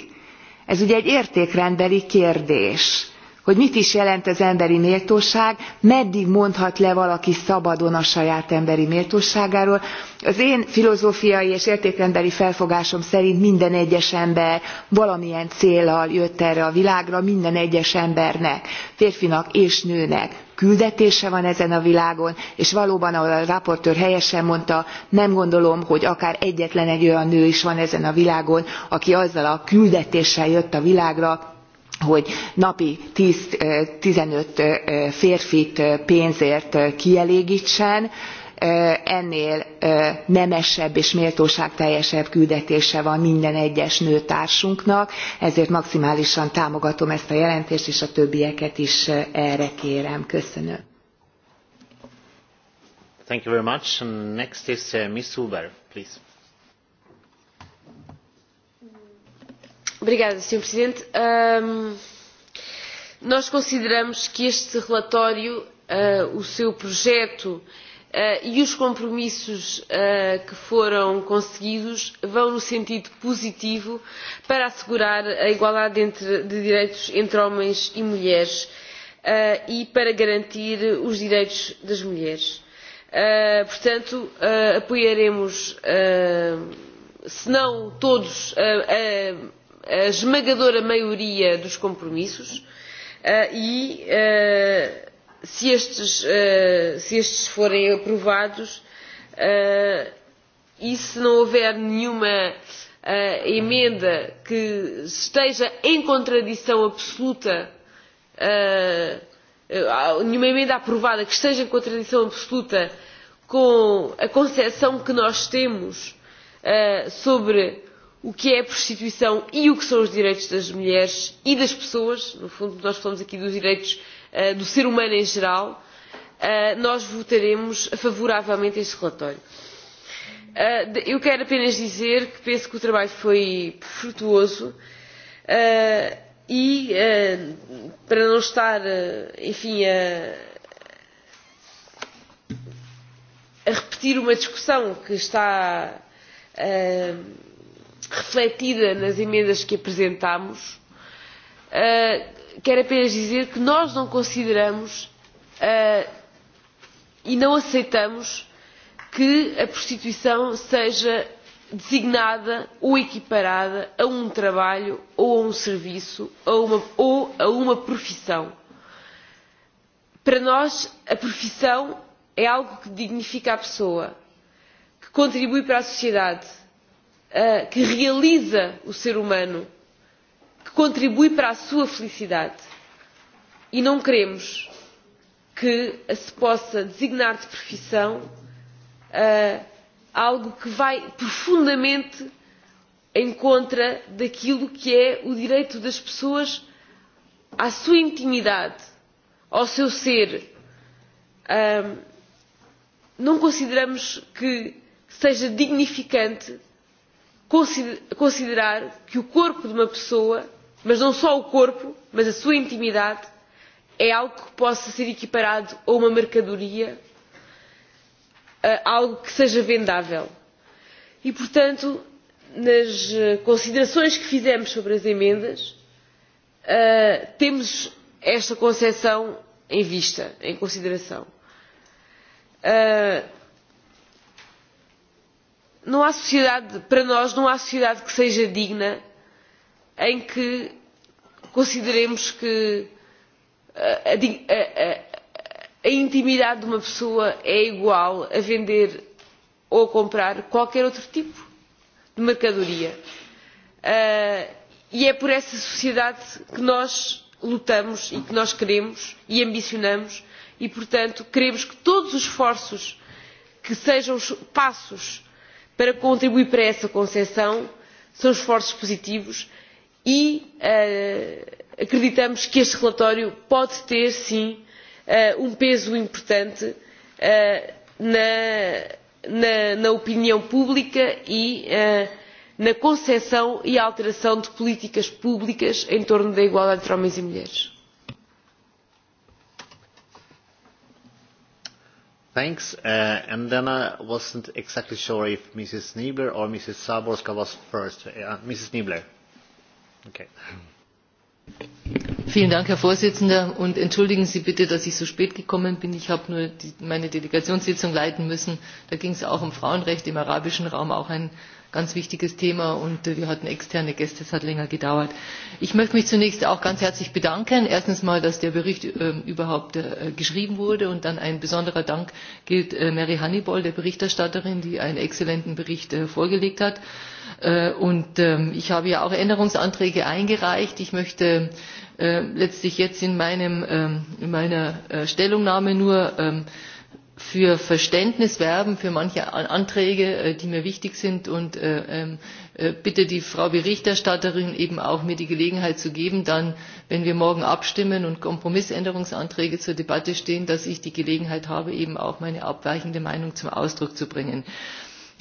[SPEAKER 8] ez ugye egy értékrendbeli kérdés hogy mit is jelent az emberi méltóság meddig mondhat le valaki szabadon a saját emberi méltóságáról. az én filozófiai és értékrendbeli felfogásom szerint minden egyes ember valamilyen céllal jött erre a világra minden egyes embernek férfinak és nőnek küldetése van ezen a világon és valóban ahogy a raportőr helyesen mondta nem gondolom hogy akár egyetlen egy olyan nő is van ezen a világon aki azzal a küldetéssel jött a világra hogy napi ten eh, fifteen eh, férfit eh, pénzért kielégtsen ennél nemesebb és méltóságteljesebb küldetése van minden egyes nőtársunknak ezért maximálisan támogatom ezt a jelentést és a többieket is erre kérem. köszönöm.
[SPEAKER 1] Thank you very much. And next is uh, Ms. Huber, please.
[SPEAKER 2] Obrigada, Sr. Presidente. Um, nós consideramos que este relatório, uh, o seu projeto, Eh, e os compromissos eh, que foram conseguidos vão no sentido positivo para assegurar a igualdade de direitos entre homens e mulheres eh, e para garantir os direitos das mulheres. portanto apoiaremos se não todos a, a esmagadora maioria dos compromissos e se estes, uh, se estes forem aprovados uh, e se não houver nenhuma uh, emenda que esteja em contradição absoluta uh, uh, nenhuma emenda aprovada que esteja em contradição absoluta com a concepção que nós temos uh, sobre o que é a prostituição e o que são os direitos das mulheres e das pessoas no fundo nós falamos aqui dos direitos uh, Eh, do ser humano em geral eh, nós votaremos favoravelmente este relatório. Eh, eu quero apenas dizer que penso que o trabalho foi frutuoso e para não estar enfim a a repetir uma discussão que está uh, refletida nas emendas que apresentámos uh, quero apenas dizer que nós não consideramos eh, e não aceitamos que a prostituição seja designada ou equiparada a um trabalho ou a um serviço ou, a uma profissão. Para nós, a profissão é algo que dignifica a pessoa, que contribui para a sociedade, eh, que realiza o ser humano contribui para a sua felicidade. E não queremos que se possa designar de profissão uh, algo que vai profundamente em contra daquilo que é o direito das pessoas à sua intimidade, ao seu ser. Um, não consideramos que seja dignificante considerar que o corpo de uma pessoa mas não só o corpo, mas a sua intimidade é algo que possa ser equiparado a uma mercadoria, a algo que seja vendável. E, portanto, nas eh, considerações que fizemos sobre as emendas, uh, temos esta concepção em vista, em consideração. Uh, não há sociedade, para nós, não há sociedade que seja digna em que consideremos que a, a, a, intimidade de uma pessoa é igual a vender ou a comprar qualquer outro tipo de mercadoria. Uh, e é por essa sociedade que nós lutamos e que nós queremos e ambicionamos e, portanto, queremos que todos os esforços que sejam passos para contribuir para essa concessão são esforços positivos e eh, acreditamos que este relatório pode ter sim eh, um peso importante eh, na, opinião pública e na concepção e alteração de políticas públicas em torno da igualdade entre homens e mulheres.
[SPEAKER 1] Thanks. and then I wasn't exactly sure if Mrs. Niebler or Mrs. was first. Mrs. Niebler.
[SPEAKER 12] Herr präsident! Und entschuldigen Sie bitte, dass ich so spät gekommen bin. Ich habe nur meine Delegationssitzung leiten müssen. Da ging es auch um frauenrechte im arabischen Raum, auch ein ganz wichtiges Thema und äh, wir hatten externe Gäste, es hat länger gedauert. Ich möchte mich zunächst auch ganz herzlich bedanken. Erstens einmal dass der Bericht ähm, überhaupt äh, geschrieben wurde und dann ein besonderer Dank gilt äh, Mary honeyball der Berichterstatterin, die einen exzellenten Bericht vorgelegt hat. Ähm, ich habe ja auch Änderungsanträge eingereicht. Ich möchte letztlich jetzt in, ähm, meiner Stellungnahme nur für Verständnis werben für manche Anträge, äh, die mir wichtig sind und äh, ähm, äh, bitte die Frau Berichterstatterin eben auch mir die Gelegenheit zu geben, dann, wenn wir morgen abstimmen und Kompromissänderungsanträge zur Debatte stehen, dass ich die Gelegenheit habe, eben auch meine abweichende Meinung zum Ausdruck zu bringen.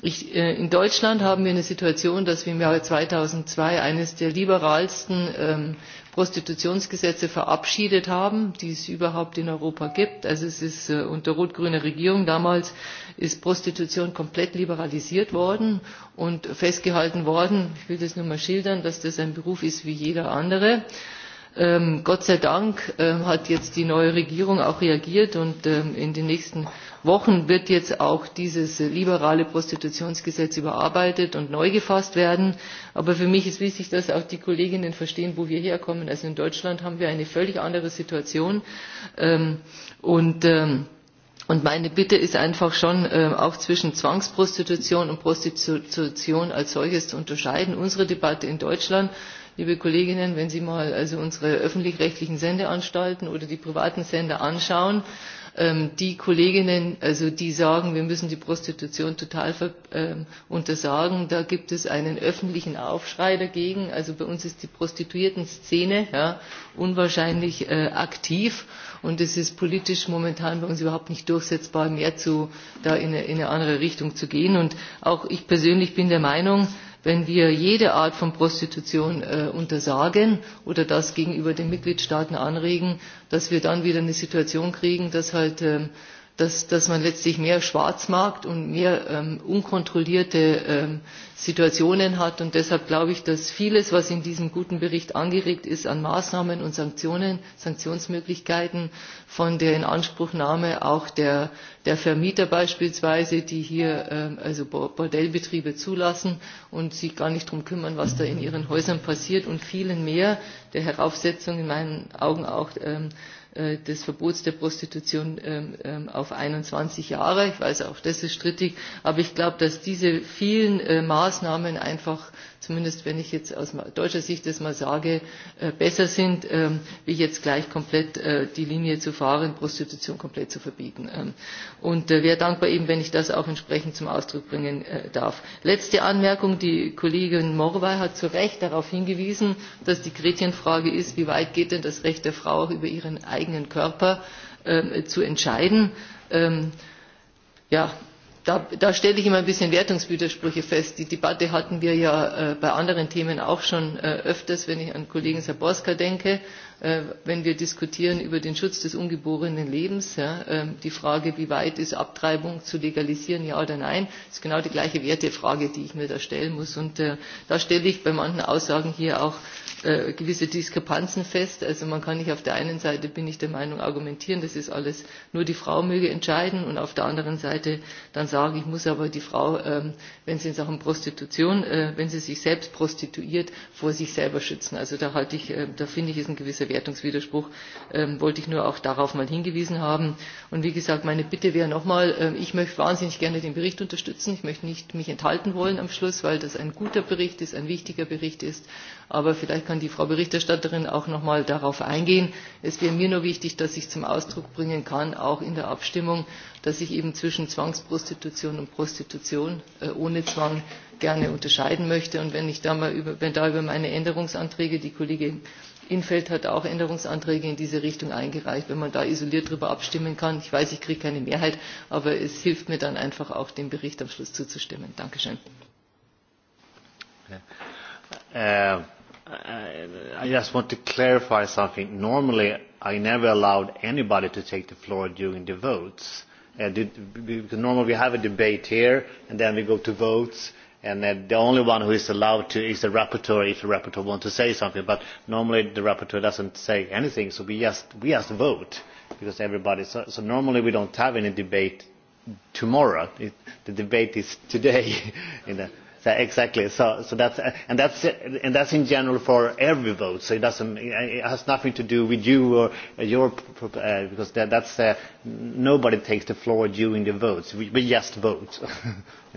[SPEAKER 12] in Deutschland haben wir eine Situation, dass wir im Jahr zweitausendzwei eines der liberalsten ähm, Prostitutionsgesetze verabschiedet haben, die es überhaupt in Europa gibt. Also es ist äh, unter rot-grüner Regierung damals ist Prostitution komplett liberalisiert worden und festgehalten worden, ich will das nur einmal schildern, dass das ein Beruf ist wie jeder andere. Ähm, gott sei dank ähm, hat jetzt die neue regierung auch reagiert und ähm, in den nächsten wochen wird jetzt auch dieses liberale prostitutionsgesetz überarbeitet und neu gefasst werden. aber für mich ist wichtig dass auch die kolleginnen verstehen wo wir herkommen. also in deutschland haben wir eine völlig andere situation und und meine bitte ist einfach schon auch zwischen zwangsprostitution und prostitution als solches zu unterscheiden. unsere debatte in deutschland liebe Kolleginnen, wenn Sie mal unsere öffentlich-rechtlichen Sendeanstalten oder die privaten Sender anschauen, ähm, die Kolleginnen, die sagen, wir müssen die Prostitution total ähm, untersagen, da gibt es einen öffentlichen Aufschrei dagegen. Also bei uns ist die Prostituiertenszene unwahrscheinlich äh, aktiv und es ist politisch momentan bei uns überhaupt nicht durchsetzbar, da in eine, in eine andere Richtung zu gehen. auch ich persönlich bin der Meinung, wenn wir jede Art von Prostitution äh, untersagen oder das gegenüber den Mitgliedstaaten anregen, dass wir dann wieder eine Situation kriegen, dass halt ähm, dass, dass man letztlich mehr Schwarzmarkt und mehr ähm, unkontrollierte ähm, Situationen hat. Und deshalb glaube ich, dass vieles, was in diesem guten Bericht angeregt ist an Maßnahmen und Sanktionen, Sanktionsmöglichkeiten von der Inanspruchnahme auch der, der Vermieter beispielsweise, die hier ähm, also Bordellbetriebe zulassen und sich gar nicht darum kümmern, was da in ihren Häusern passiert und vielen mehr, der Heraufsetzung in meinen Augen auch ähm, Äh, des Verbots der Prostitution ähm, ähm, auf einundzwanzig Jahre. Ich weiß, auch das ist strittig. Aber ich glaube, dass diese vielen äh, Maßnahmen einfach zumindest wenn ich jetzt aus deutscher Sicht das mal sage, äh, besser sind, ähm, wie jetzt gleich komplett äh, die Linie zu fahren, Prostitution komplett zu verbieten. Ähm, und ich äh, wäre dankbar wenn ich das auch entsprechend zum Ausdruck bringen darf. Letzte Anmerkung, die Kollegin morvai hat zu Recht darauf hingewiesen, dass die Gretchenfrage ist, wie weit geht denn das Recht der Frau auch über ihren eigenen Körper ähm, zu entscheiden. Da, da, stelle ich immer ein bisschen wertungswidersprüche fest. die debatte hatten wir ja äh, bei anderen themen auch schon äh, öfters wenn ich an den kollegen zborsk denke äh, wenn wir diskutieren über den schutz des ungeborenen lebens ähm, die frage wie weit ist abtreibung zu legalisieren ja oder nein ist genau die gleiche wertefrage die ich mir da stellen muss. da stelle ich bei manchen aussagen hier auch Äh, gewisse Diskrepanzen fest. Also man kann nicht auf der einen Seite, bin ich der Meinung, argumentieren, das ist alles nur die Frau möge entscheiden und auf der anderen Seite dann sagen, ich muss aber die Frau, ähm, wenn sie in Sachen Prostitution, äh, wenn sie sich selbst prostituiert, vor sich selber schützen. Also da halte ich, äh, da finde ich, ist ein gewisser Wertungswiderspruch. Ähm, wollte ich nur auch darauf mal hingewiesen haben. Und wie gesagt, meine Bitte wäre nochmal, äh, ich möchte wahnsinnig gerne den Bericht unterstützen. Ich möchte nicht mich enthalten wollen am Schluss, weil das ein guter Bericht ist, ein wichtiger Bericht ist. Aber vielleicht vielleicht kann die Frau Berichterstatterin auch noch einmal darauf eingehen. Es wäre mir nur wichtig, dass ich zum Ausdruck bringen kann, auch in der Abstimmung, dass ich eben zwischen Zwangsprostitution und Prostitution äh, ohne Zwang gerne unterscheiden möchte. Und wenn, ich da mal über, wenn da über meine Änderungsanträge, die Kollegin in Infeld hat auch Änderungsanträge in diese Richtung eingereicht, wenn man da isoliert darüber abstimmen kann. Ich weiß, ich kriege keine Mehrheit, aber es hilft mir dann einfach auch, dem Bericht am Schluss zuzustimmen. Dankeschön.
[SPEAKER 1] Äh, I just want to clarify something. Normally, I never allowed anybody to take the floor during the votes. Uh, did, because normally we have a debate here, and then we go to votes, and then the only one who is allowed to is the rapporteur if the rapporteur wants to say something. But normally the rapporteur doesn't say anything, so we just, we just vote because everybody. So, so normally we don't have any debate tomorrow. It, the debate is today. in *laughs* the, exactly so, so that's, uh, and, that's, and that's in general for every vote so it, doesn't, it has nothing to do with you or your uh, because that, that's uh, nobody takes the floor during the votes we, we just vote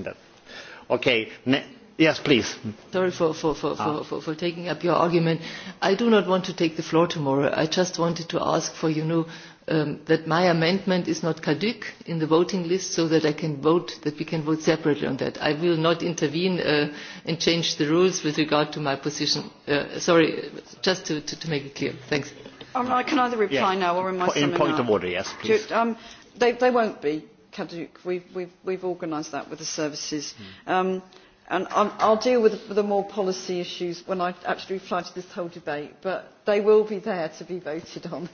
[SPEAKER 1] *laughs* okay ne yes please sorry for, for,
[SPEAKER 12] for, ah. for, for, for taking up your argument i do not want to take the floor tomorrow i just wanted to ask for you know Um, that my amendment is not caduc in the voting list so that I can vote, that we can vote separately on that. I will not intervene uh, and change the rules with regard to my position. Uh, sorry, just to, make it clear. Thanks.
[SPEAKER 9] Um, I can either reply now or in my seminar. In point of order, yes, please. um, they, they won't be caduc. We've, we've, we've organised that with the services. Mm. Um, and I'll deal with the more policy issues when I actually reply to this whole debate, but they will be there to be voted on.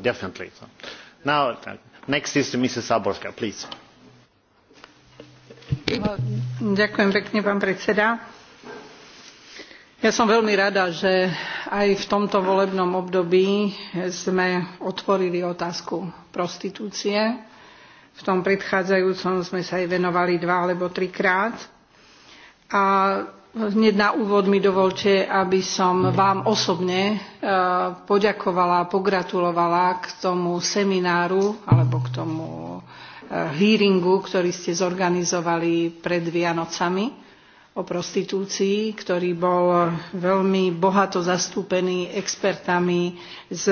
[SPEAKER 1] Definitely. Now, next is Mrs. Saborska, please.
[SPEAKER 3] Ďakujem pekne, pán predseda. Ja som veľmi rada, že aj v tomto volebnom období sme otvorili otázku prostitúcie. V tom predchádzajúcom sme sa jej venovali dva alebo trikrát. A Hneď na úvod mi dovolte, aby som vám osobne poďakovala a pogratulovala k tomu semináru alebo k tomu hearingu, ktorý ste zorganizovali pred Vianocami o prostitúcii, ktorý bol veľmi bohato zastúpený expertami z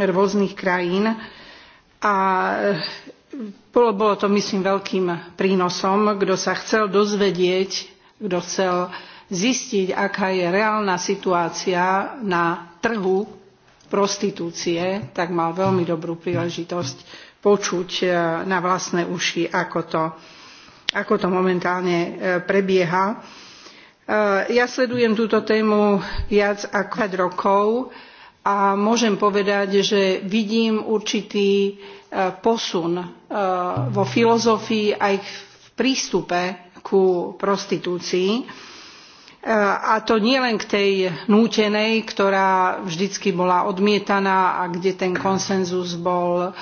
[SPEAKER 3] rôznych krajín. A bolo to, myslím, veľkým prínosom, kto sa chcel dozvedieť kto chcel zistiť, aká je reálna situácia na trhu prostitúcie, tak mal veľmi dobrú príležitosť počuť na vlastné uši, ako to, ako to momentálne prebieha. Ja sledujem túto tému viac ako 5 rokov a môžem povedať, že vidím určitý posun vo filozofii aj v prístupe ku prostitúcii a to nielen k tej nútenej ktorá vždycky bola odmietaná a kde ten konsenzus bol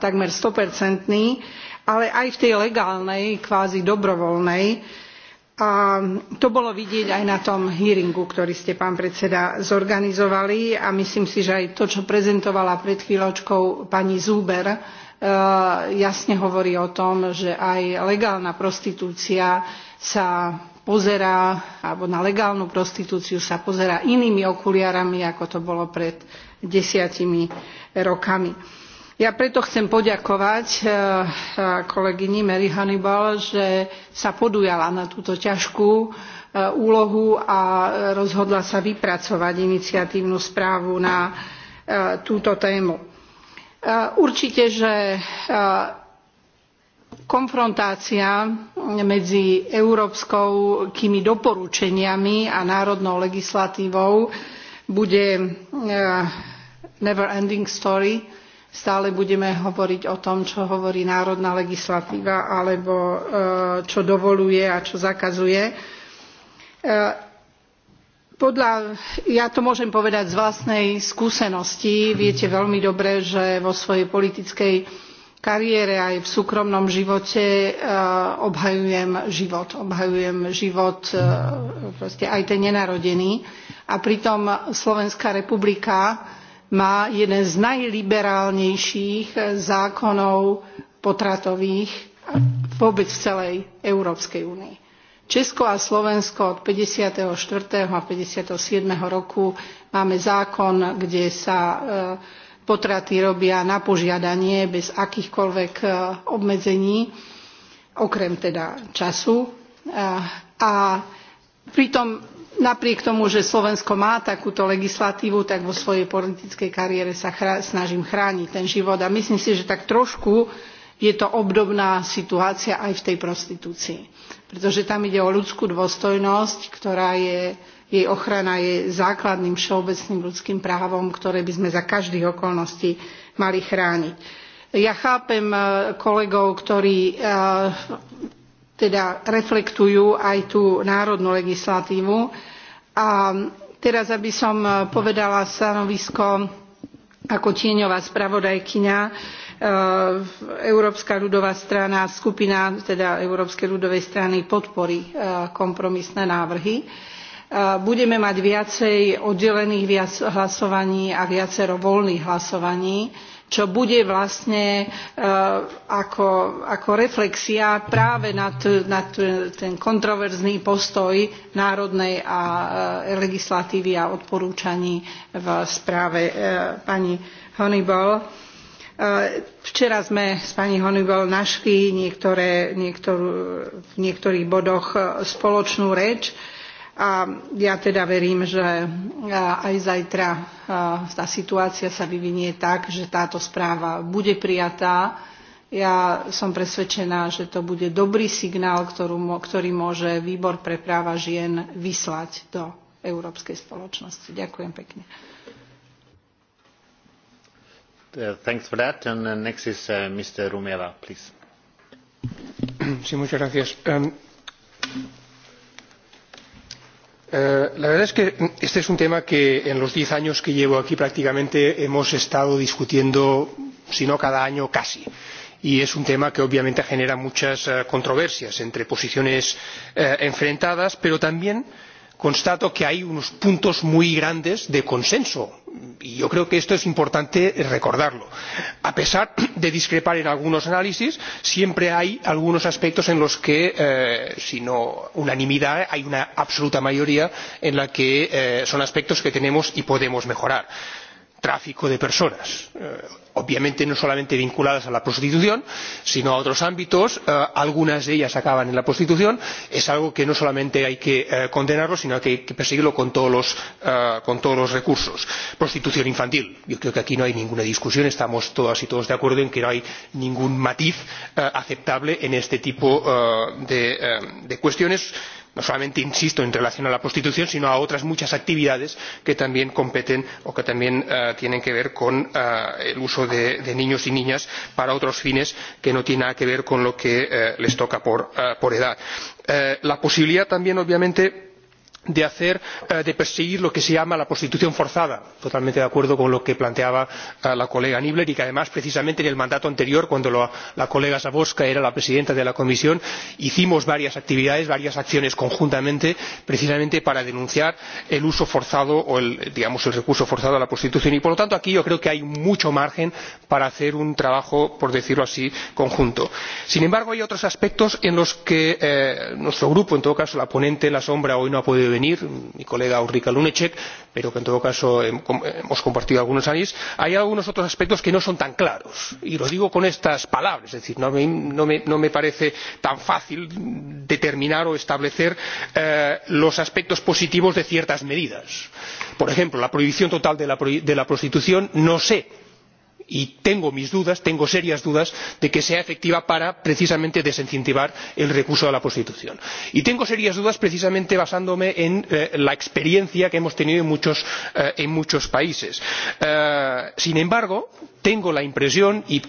[SPEAKER 3] takmer stopercentný ale aj v tej legálnej kvázi dobrovoľnej a to bolo vidieť aj na tom hearingu ktorý ste pán predseda zorganizovali a myslím si že aj to čo prezentovala pred chvíľočkou pani zuber Eh, jasne hovorí o tom, že aj legálna prostitúcia sa pozerá, alebo na legálnu prostitúciu sa pozerá inými okuliarami, ako to bolo pred desiatimi rokami. Ja preto chcem poďakovať eh, kolegyni Mary Hannibal, že sa podujala na túto ťažkú eh, úlohu a rozhodla sa vypracovať iniciatívnu správu na túto tému Eh, určite že eh, konfrontácia medzi európskymi doporučeniami a národnou legislatívou bude eh, never ending story stále budeme hovoriť o tom čo hovorí národná legislatíva alebo čo dovoľuje a čo zakazuje podľa ja to môžem povedať z vlastnej skúsenosti viete veľmi dobre že vo svojej politickej kariére aj v súkromnom živote obhajujem život obhajujem život proste aj ten nenarodený a pritom slovenská republika má jeden z najliberálnejších zákonov potratových vôbec v celej európskej únii Česko a Slovensko od 54. a 57. roku máme zákon, kde sa potraty robia na požiadanie bez akýchkoľvek obmedzení, okrem teda času. A pritom napriek tomu, že Slovensko má takúto legislatívu, tak vo svojej politickej kariére sa snažím chrániť ten život a myslím si, že tak trošku je to obdobná situácia aj v tej prostitúcii pretože tam ide o ľudskú dôstojnosť, ktorá je, jej ochrana je základným všeobecným ľudským právom, ktoré by sme za každých okolností mali chrániť. Ja chápem eh, kolegov, ktorí eh, teda reflektujú aj tú národnú legislatívu. A teraz, aby som eh, povedala stanovisko ako tieňová spravodajkyňa, Eh, Európska ľudová strana, skupina teda Európskej ľudovej strany podporí eh, kompromisné návrhy. Eh, budeme mať viacej oddelených hlasovaní a viacero voľných hlasovaní, čo bude vlastne ako, ako reflexia práve na, na ten kontroverzný postoj národnej a legislatívy a odporúčaní v správe pani Honeyball včera sme s pani honeyball našli v niektorých bodoch spoločnú reč a ja teda verím že aj zajtra tá situácia sa vyvinie tak že táto správa bude prijatá ja som presvedčená že to bude dobrý signál ktorý môže výbor pre práva žien vyslať do európskej spoločnosti. ďakujem pekne.
[SPEAKER 1] Um,
[SPEAKER 5] eh, la verdad es que este es un tema que en los diez años que llevo aquí prácticamente hemos estado discutiendo si no cada año casi y es un tema que obviamente genera muchas eh, controversias entre posiciones eh, enfrentadas pero también constato que hay unos puntos muy grandes de consenso y yo creo que esto es importante recordarlo. a pesar de discrepar en algunos análisis siempre hay algunos aspectos en los que eh, si no unanimidad hay una absoluta mayoría en la que eh, son aspectos que tenemos y podemos mejorar tráfico de personas eh, obviamente no solamente vinculadas a la prostitución sino a otros ámbitos eh, algunas de ellas acaban en la prostitución es algo que no solamente hay que eh, condenar sino que hay que perseguirlo con todos los, eh, con todos recursos. prostitución infantil yo creo que aquí no hay ninguna discusión estamos todas y todos de acuerdo en que no hay ningún matiz aceptable en este tipo de, de cuestiones no solamente insisto en relación con la prostitución sino a otras muchas actividades que también competen o que también eh, tienen que ver con eh, el uso de, niños y niñas para otros fines que no tienen nada que ver con lo que eh, les toca por, por edad. la posibilidad también obviamente Eh, de perseguir lo que se llama la prostitución forzada totalmente de acuerdo con lo que planteaba eh, la colega niebler y que además precisamente en el mandato anterior cuando la colega zborsk era la presidenta de la comisión hicimos varias actividades varias acciones conjuntamente precisamente para denunciar el uso forzado o digamos el recurso forzado a la prostitución y por lo tanto aquí yo creo que hay mucho margen para hacer un trabajo por decirlo así conjunto. sin embargo hay otros aspectos en los que eh, nuestro grupo en todo caso la ponente alternativa hoy no ha podido venir mi colega ulrike lunacek pero que en todo caso hemos compartido algunos años hay algunos otros aspectos que no son tan claros y lo digo con estas palabras es decir no me, parece tan fácil determinar o establecer eh, los aspectos positivos de ciertas medidas. por ejemplo la prohibición total de la, de la prostitución no sé y tengo mis dudas tengo serias dudas de que sea efectiva para precisamente desincentivar el recurso a la prostitución. y tengo serias dudas precisamente basándome en eh, la experiencia que hemos tenido en muchos, eh, países. Eh, sin embargo tengo la impresión y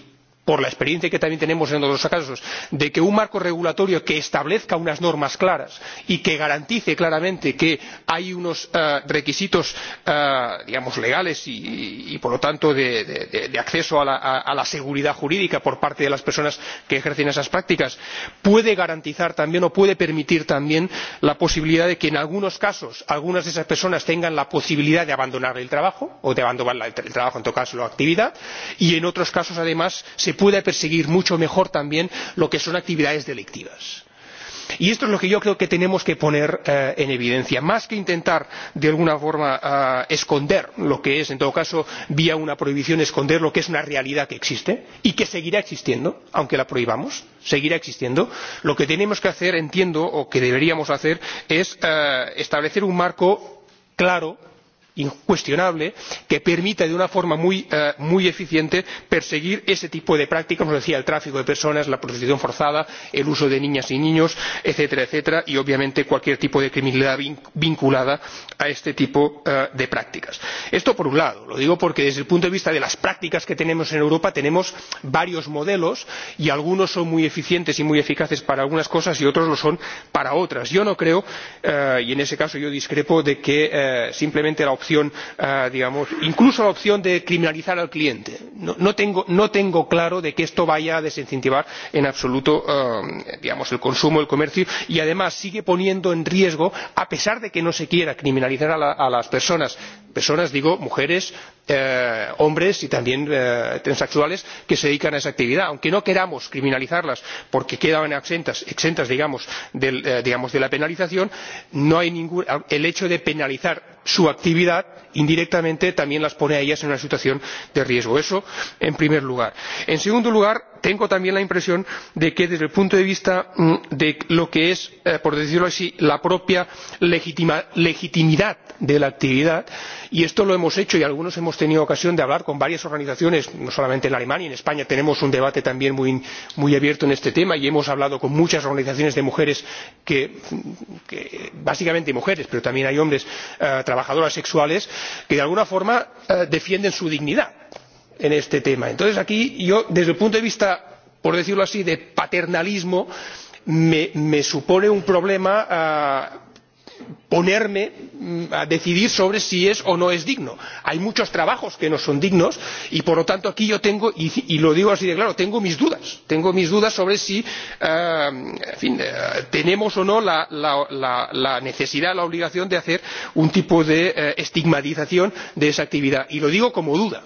[SPEAKER 5] por la experiencia que también tenemos en otros casos de que un marco regulatorio que establezca unas normas claras y que garantice claramente que hay unos eh, requisitos eh, digamos legales y, por lo tanto de, acceso a la, a la seguridad jurídica por parte de las personas que ejercen esas prácticas puede garantizar también o puede permitir también la posibilidad de que en algunos casos algunas de esas personas tengan la posibilidad de abandonar el trabajo o de abandonar el trabajo en todo caso la actividad y en otros casos además se pueda perseguir mucho mejor también lo que son actividades delictivas y esto es lo que yo creo que tenemos que poner eh, en evidencia más que intentar de alguna forma ah, esconder lo que es en todo caso vía una prohibición esconder lo que es una realidad que existe y que seguirá existiendo aunque la prohibamos seguirá existiendo lo que tenemos que hacer entiendo o que deberíamos hacer es eh, establecer un marco claro incuestionable que permita de una forma eh, muy, eficiente perseguir ese tipo de prácticas como decía el tráfico de personas la prostitución forzada el uso de niñas y niños etcétera etcétera y obviamente cualquier tipo de criminalidad vinculada a este tipo eh, de prácticas. esto por un lado lo digo porque desde el punto de vista de las prácticas que tenemos en europa tenemos varios modelos y algunos son muy eficientes y muy eficaces para algunas cosas y otros lo son para otras. yo no creo eh, y en ese caso yo discrepo de que simplemente la opción ah, digamos incluso la opción de criminalizar al cliente. no, tengo, claro que esto vaya a desincentivar en absoluto ah, digamos, el consumo el comercio y además sigue poniendo en riesgo a pesar de que no se quiera criminalizar a, las personas personas digo mujeres eh, hombres y también eh, transexuales que se dedican a esa actividad aunque no queramos criminalizarlas porque quedan exentas, eh, digamos, de la penalización el hecho de penalizar su actividad indirectamente también las pone a ellas en una situación de riesgo. eso en primer lugar. en segundo lugar tengo también la impresión de que desde el punto de vista mm, de lo que es eh, por decirlo así la propia legitimidad de la actividad y esto lo hemos hecho y algunos hemos tenido ocasión de hablar con varias organizaciones no solamente en alemania en españa tenemos un debate también muy, abierto en este tema y hemos hablado con muchas organizaciones de mujeres básicamente mujeres pero también hay hombres eh, trabajadoras sexuales que de alguna forma eh, defienden su dignidad en este tema. entonces aquí yo desde el punto de vista por decirlo así de paternalismo me, supone un problema ah, ponerme mm, a decidir sobre si es o no es digno. hay muchos trabajos que no son dignos y por lo tanto aquí yo tengo y, lo digo así de claro tengo mis dudas tengo mis dudas sobre si ah, en fin, eh, tenemos o no la, la, la, necesidad la obligación de hacer un tipo de eh, estigmatización de esa actividad y lo digo como duda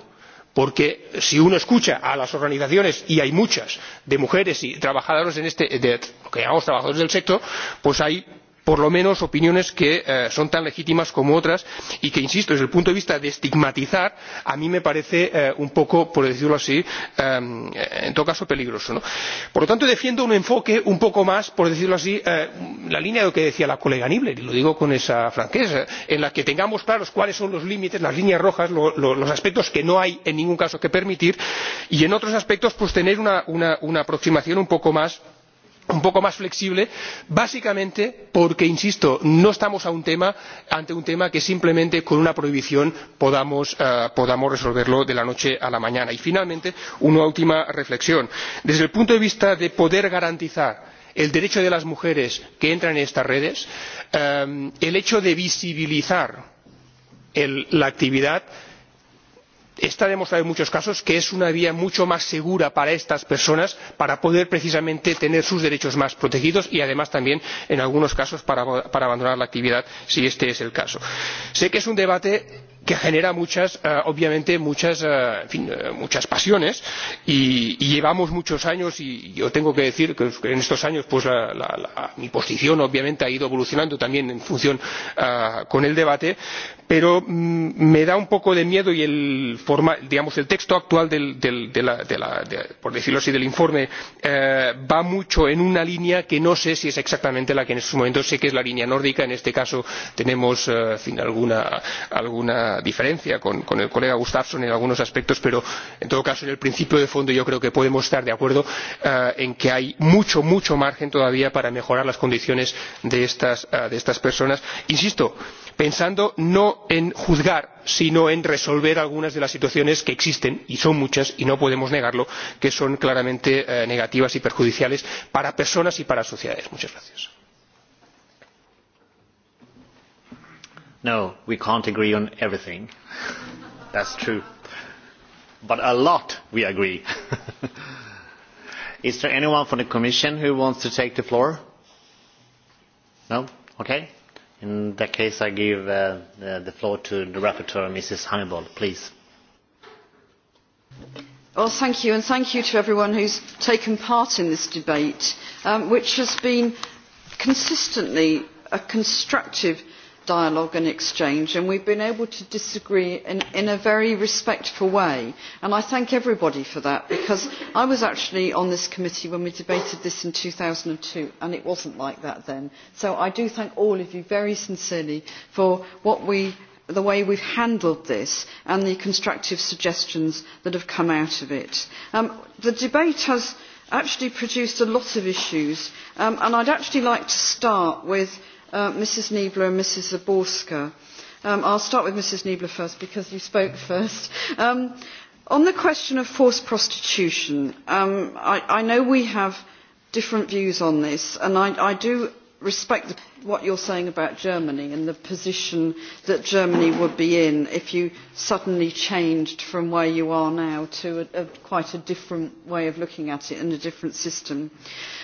[SPEAKER 5] porque si uno escucha a las organizaciones y hay muchas de mujeres y trabajadoras que llamamos trabajadores del sector pues hay por lo menos opiniones que eh, son tan legítimas como otras y que insisto desde el punto de vista de estigmatizar a mí me parece eh, un poco por decirlo así eh, en todo caso peligroso. por lo tanto defiendo un enfoque un poco más por decirlo así la línea de lo que decía la colega niebler y lo digo con esa franqueza en la que tengamos claros cuáles son los límites las líneas rojas los aspectos que no hay en ningún caso que permitir y en otros aspectos pues tener una aproximación un poco más un poco más flexible básicamente porque insisto no estamos ante un tema que simplemente con una prohibición podamos, resolver eh, resolverlo de la noche a la mañana. y finalmente una última reflexión desde el punto de vista de poder garantizar el derecho de las mujeres que entran en estas redes eh, el hecho de visibilizar la actividad está demostrado en muchos casos que es una vía mucho más segura para estas personas para poder precisamente tener sus derechos más protegidos y además también en algunos casos para, abandonar la actividad si éste es el caso. sé que es un debate que genera eh, obviamente muchas, eh, eh, pasiones y, llevamos muchos años y yo tengo que decir que en estos años mi posición obviamente ha ido evolucionando también en función uh, con el debate pero mm, me da un poco de miedo y el, texto actual por decirlo así del informe va mucho en una línea que no sé si es exactamente la que en estos momentos sé que es la línea nórdica en este caso tenemos alguna diferencia con, el colega Gustafsson en algunos aspectos, pero en todo caso en el principio de fondo yo creo que podemos estar de acuerdo eh, en que hay mucho, mucho margen todavía para mejorar las condiciones eh, de estas, personas. Insisto, pensando no en juzgar, sino en resolver algunas de las situaciones que existen, y son muchas, y no podemos negarlo, que son claramente eh, negativas y perjudiciales para personas y para sociedades.
[SPEAKER 1] no we can't agree on everything that's true but a lot we agree *laughs* is there anyone from the commission who wants to take the floor no okay in that case i give uh, the, the floor to the rapporteur mrs hannibal please
[SPEAKER 9] well, thank you, and thank you to everyone who's taken part in this debate, um, which has been consistently a constructive dialogue and exchange and we have been able to disagree in, in a very respectful way and i thank everybody for that because i was actually on this committee when we debated this in two thousand and two and it was not like that then so i do thank all of you very sincerely for we, the way we have handled this and the constructive suggestions that have come out of it. Um, the debate has actually produced a lot of issues um, and i would actually like to start with Uh, Mrs Niebler and Mrs Zaborska. Um, I'll start with Mrs Niebler first because you spoke *laughs* first. Um, on the question of forced prostitution, um, I, I know we have different views on this and I, I do respect the what you're saying about Germany and the position that Germany would be in if you suddenly changed from where you are now to a, a, quite a different way of looking at it and a different system.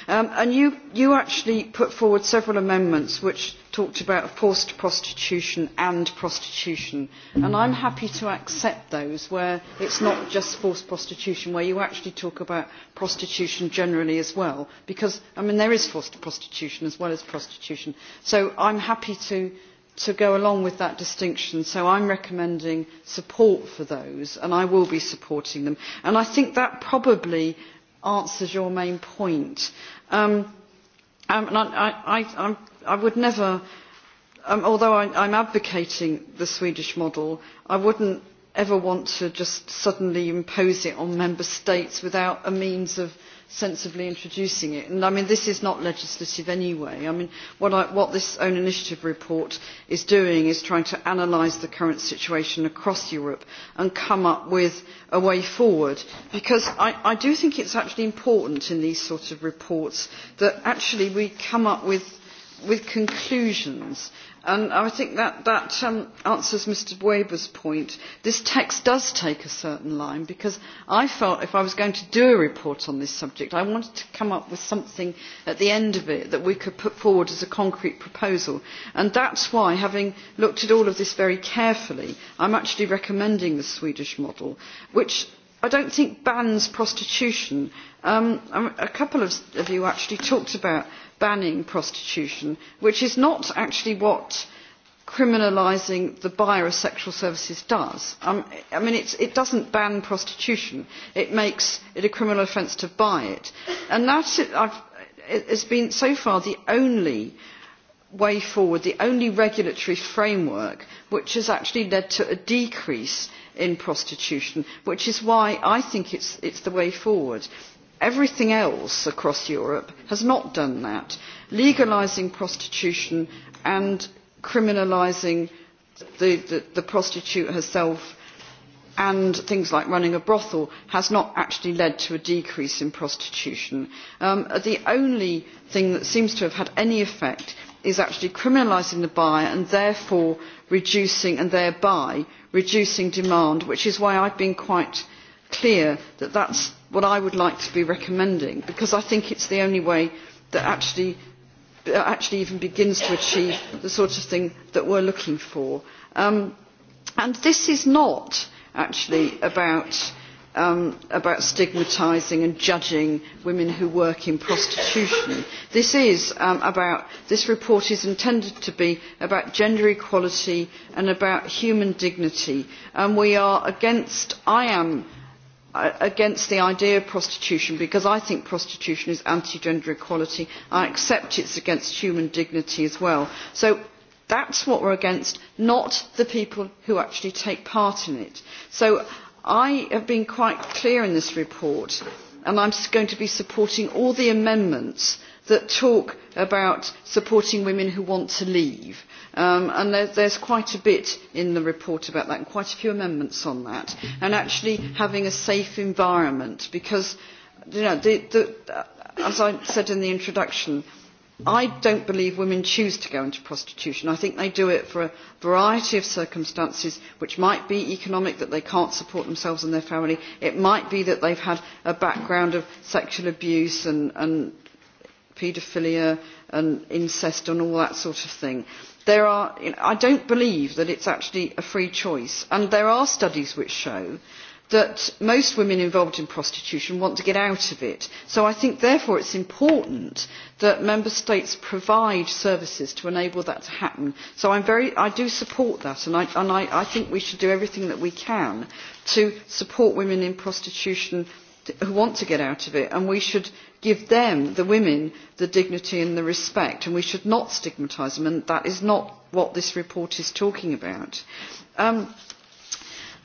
[SPEAKER 9] Um, and you, you actually put forward several amendments which talked about forced prostitution and prostitution. And I'm happy to accept those where it's not just forced prostitution, where you actually talk about prostitution generally as well. Because, I mean, there is forced prostitution as well as prostitution. So i am happy to, go along with that distinction. So i am recommending support for those, and I will be supporting them. And I think that probably answers your main point. um, um and I, I, I, I would never, um, although I, I'm advocating the Swedish model, I wouldn't ever want to just suddenly impose it on member states without a means of sensibly introducing it. And, I mean, this is not legislative anyway. I mean, what, I, what this own initiative report is doing is trying to analyse the current situation across Europe and come up with a way forward. Because I, I do think it's actually important in these sorts of reports that actually we come up with, with conclusions And I think that, that um, answers Mr Weber's point. This text does take a certain line because I felt if I was going to do a report on this subject, I wanted to come up with something at the end of it that we could put forward as a concrete proposal. And that's why, having looked at all of this very carefully, I'm actually recommending the Swedish model, which I don't think bans prostitution. Um, a couple of you actually talked about banning prostitution which is not actually what criminalising the buyer of sexual services does. Um, I mean, it does not ban prostitution. It makes it a criminal offence to buy it. And that has been so far the only way forward, the only regulatory framework which has actually led to a decrease in prostitution, which is why I think it is the way forward everything else across Europe has not done that, legalising prostitution and criminalising the, the, the prostitute herself and things like running a brothel has not actually led to a decrease in prostitution. Um, the only thing that seems to have had any effect is actually criminalising the buyer and therefore reducing and thereby reducing demand, which is why I've been quite clear that that is what I would like to be recommending because I think it is the only way that actually, actually even begins to achieve the sort of thing that we are looking for. Um, and this is not actually about, um, about stigmatising and judging women who work in prostitution. This is um, about, this report is intended to be about gender equality and about human dignity. And we are against, I am Uh, against the idea of prostitution because I think prostitution is anti-gender equality. I accept it's against human dignity as well. So that's what we're against, not the people who actually take part in it. So I have been quite clear in this report and I'm going to be supporting all the amendments that talk about supporting women who want to leave Um, and there, is quite a bit in the report about that and quite a few amendments on that. And actually having a safe environment because, you know, the, the, uh, as I said in the introduction, I don't believe women choose to go into prostitution. I think they do it for a variety of circumstances, which might be economic, that they can't support themselves and their family. It might be that they've had a background of sexual abuse and, and paedophilia and incest and all that sort of thing i do not believe that it is actually a free choice and there are studies which show that most women involved in prostitution want to get out of it so i think therefore it is important that member states provide services to enable that to happen so very, i do support that and, I, and I, I think we should do everything that we can to support women in prostitution who want to get out of it and we should give them, the women, the dignity and the respect, and we should not stigmatise them, and that is not what this report is talking about. Um,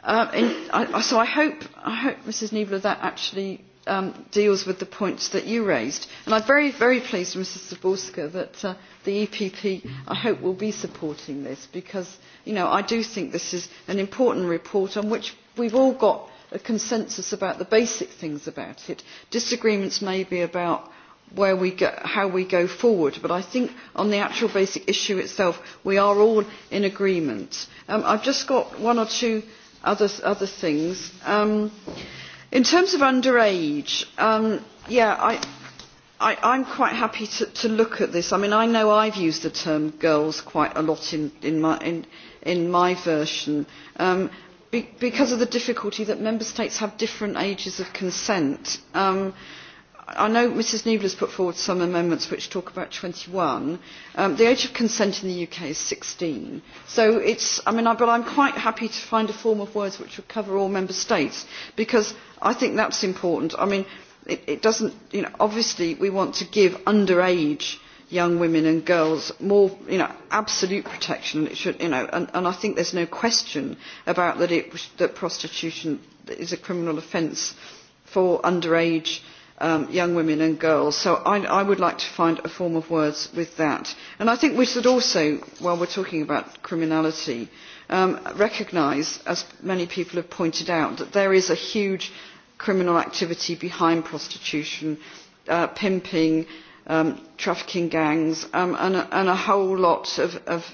[SPEAKER 9] uh, in, I, so I hope, I hope, Mrs Niebler, that actually um, deals with the points that you raised. And I'm very, very pleased, Mrs Zaborska, that uh, the EPP, I hope, will be supporting this because, you know, I do think this is an important report on which we've all got a consensus about the basic things about it. Disagreements may be about where we go, how we go forward, but I think on the actual basic issue itself, we are all in agreement. Um, I've just got one or two other, other things. Um, in terms of underage, um, yeah, I, I, I'm quite happy to, to look at this. I mean, I know I've used the term girls quite a lot in, in, my, in, in my version. Um, because of the difficulty that member states have different ages of consent, um, I know Mrs has put forward some amendments which talk about 21. Um, the age of consent in the UK is 16. So it's, I mean, I, but I'm quite happy to find a form of words which would cover all member states because I think that's important. I mean, it, it doesn't, you know, obviously we want to give underage young women and girls more you know, absolute protection. It should, you know, and, and I think there's no question about that, it, that prostitution is a criminal offence for underage um, young women and girls. So I, I would like to find a form of words with that. And I think we should also, while we're talking about criminality, um, recognise, as many people have pointed out, that there is a huge criminal activity behind prostitution, uh, pimping, um, trafficking gangs um, and, a, and a whole lot of, of,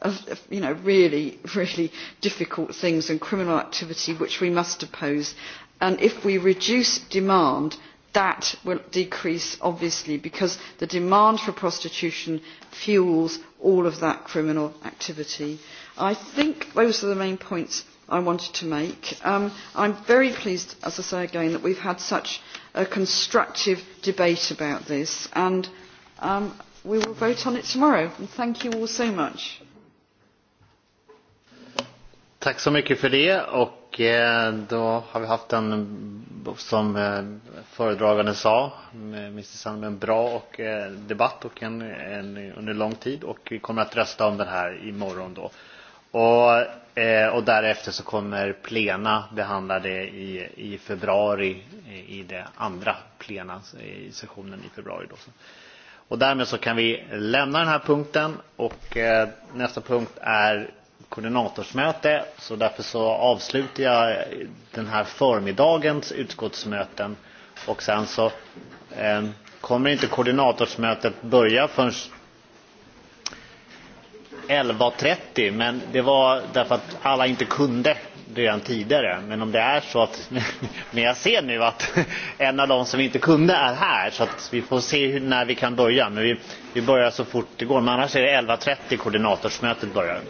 [SPEAKER 9] of you know, really, *laughs* really difficult things and criminal activity which we must oppose. And if we reduce demand, that will decrease, obviously, because the demand for prostitution fuels all of that criminal activity. I think those are the main points I wanted to make. Um, I'm very pleased, as I say again, that we've had such a constructive debate about this and um, we will vote on it tomorrow. And thank you all so much.
[SPEAKER 1] Tack så mycket för det. Och eh, då har vi haft en, som eh, föredragande sa, med Mr Sandberg, en bra och, eh, debatt och en, en, under lång tid. Och vi kommer att rösta om den här imorgon då. Och, eh, och därefter så kommer plena behandla det i, i februari i det andra plena i sessionen i februari. Då. Och därmed så kan vi lämna den här punkten och eh, nästa punkt är koordinatorsmöte så därför så avslutar jag den här förmiddagens utskottsmöten och sen så eh, kommer inte koordinatorsmötet börja förrän 11.30 men det var därför att alla inte kunde redan tidigare. Men om det är så att, *laughs* men jag ser nu att *laughs* en av de som inte kunde är här så att vi får se hur, när vi kan börja. Men vi, vi börjar så fort det går. Men annars är det 11.30 koordinatorsmötet börjar.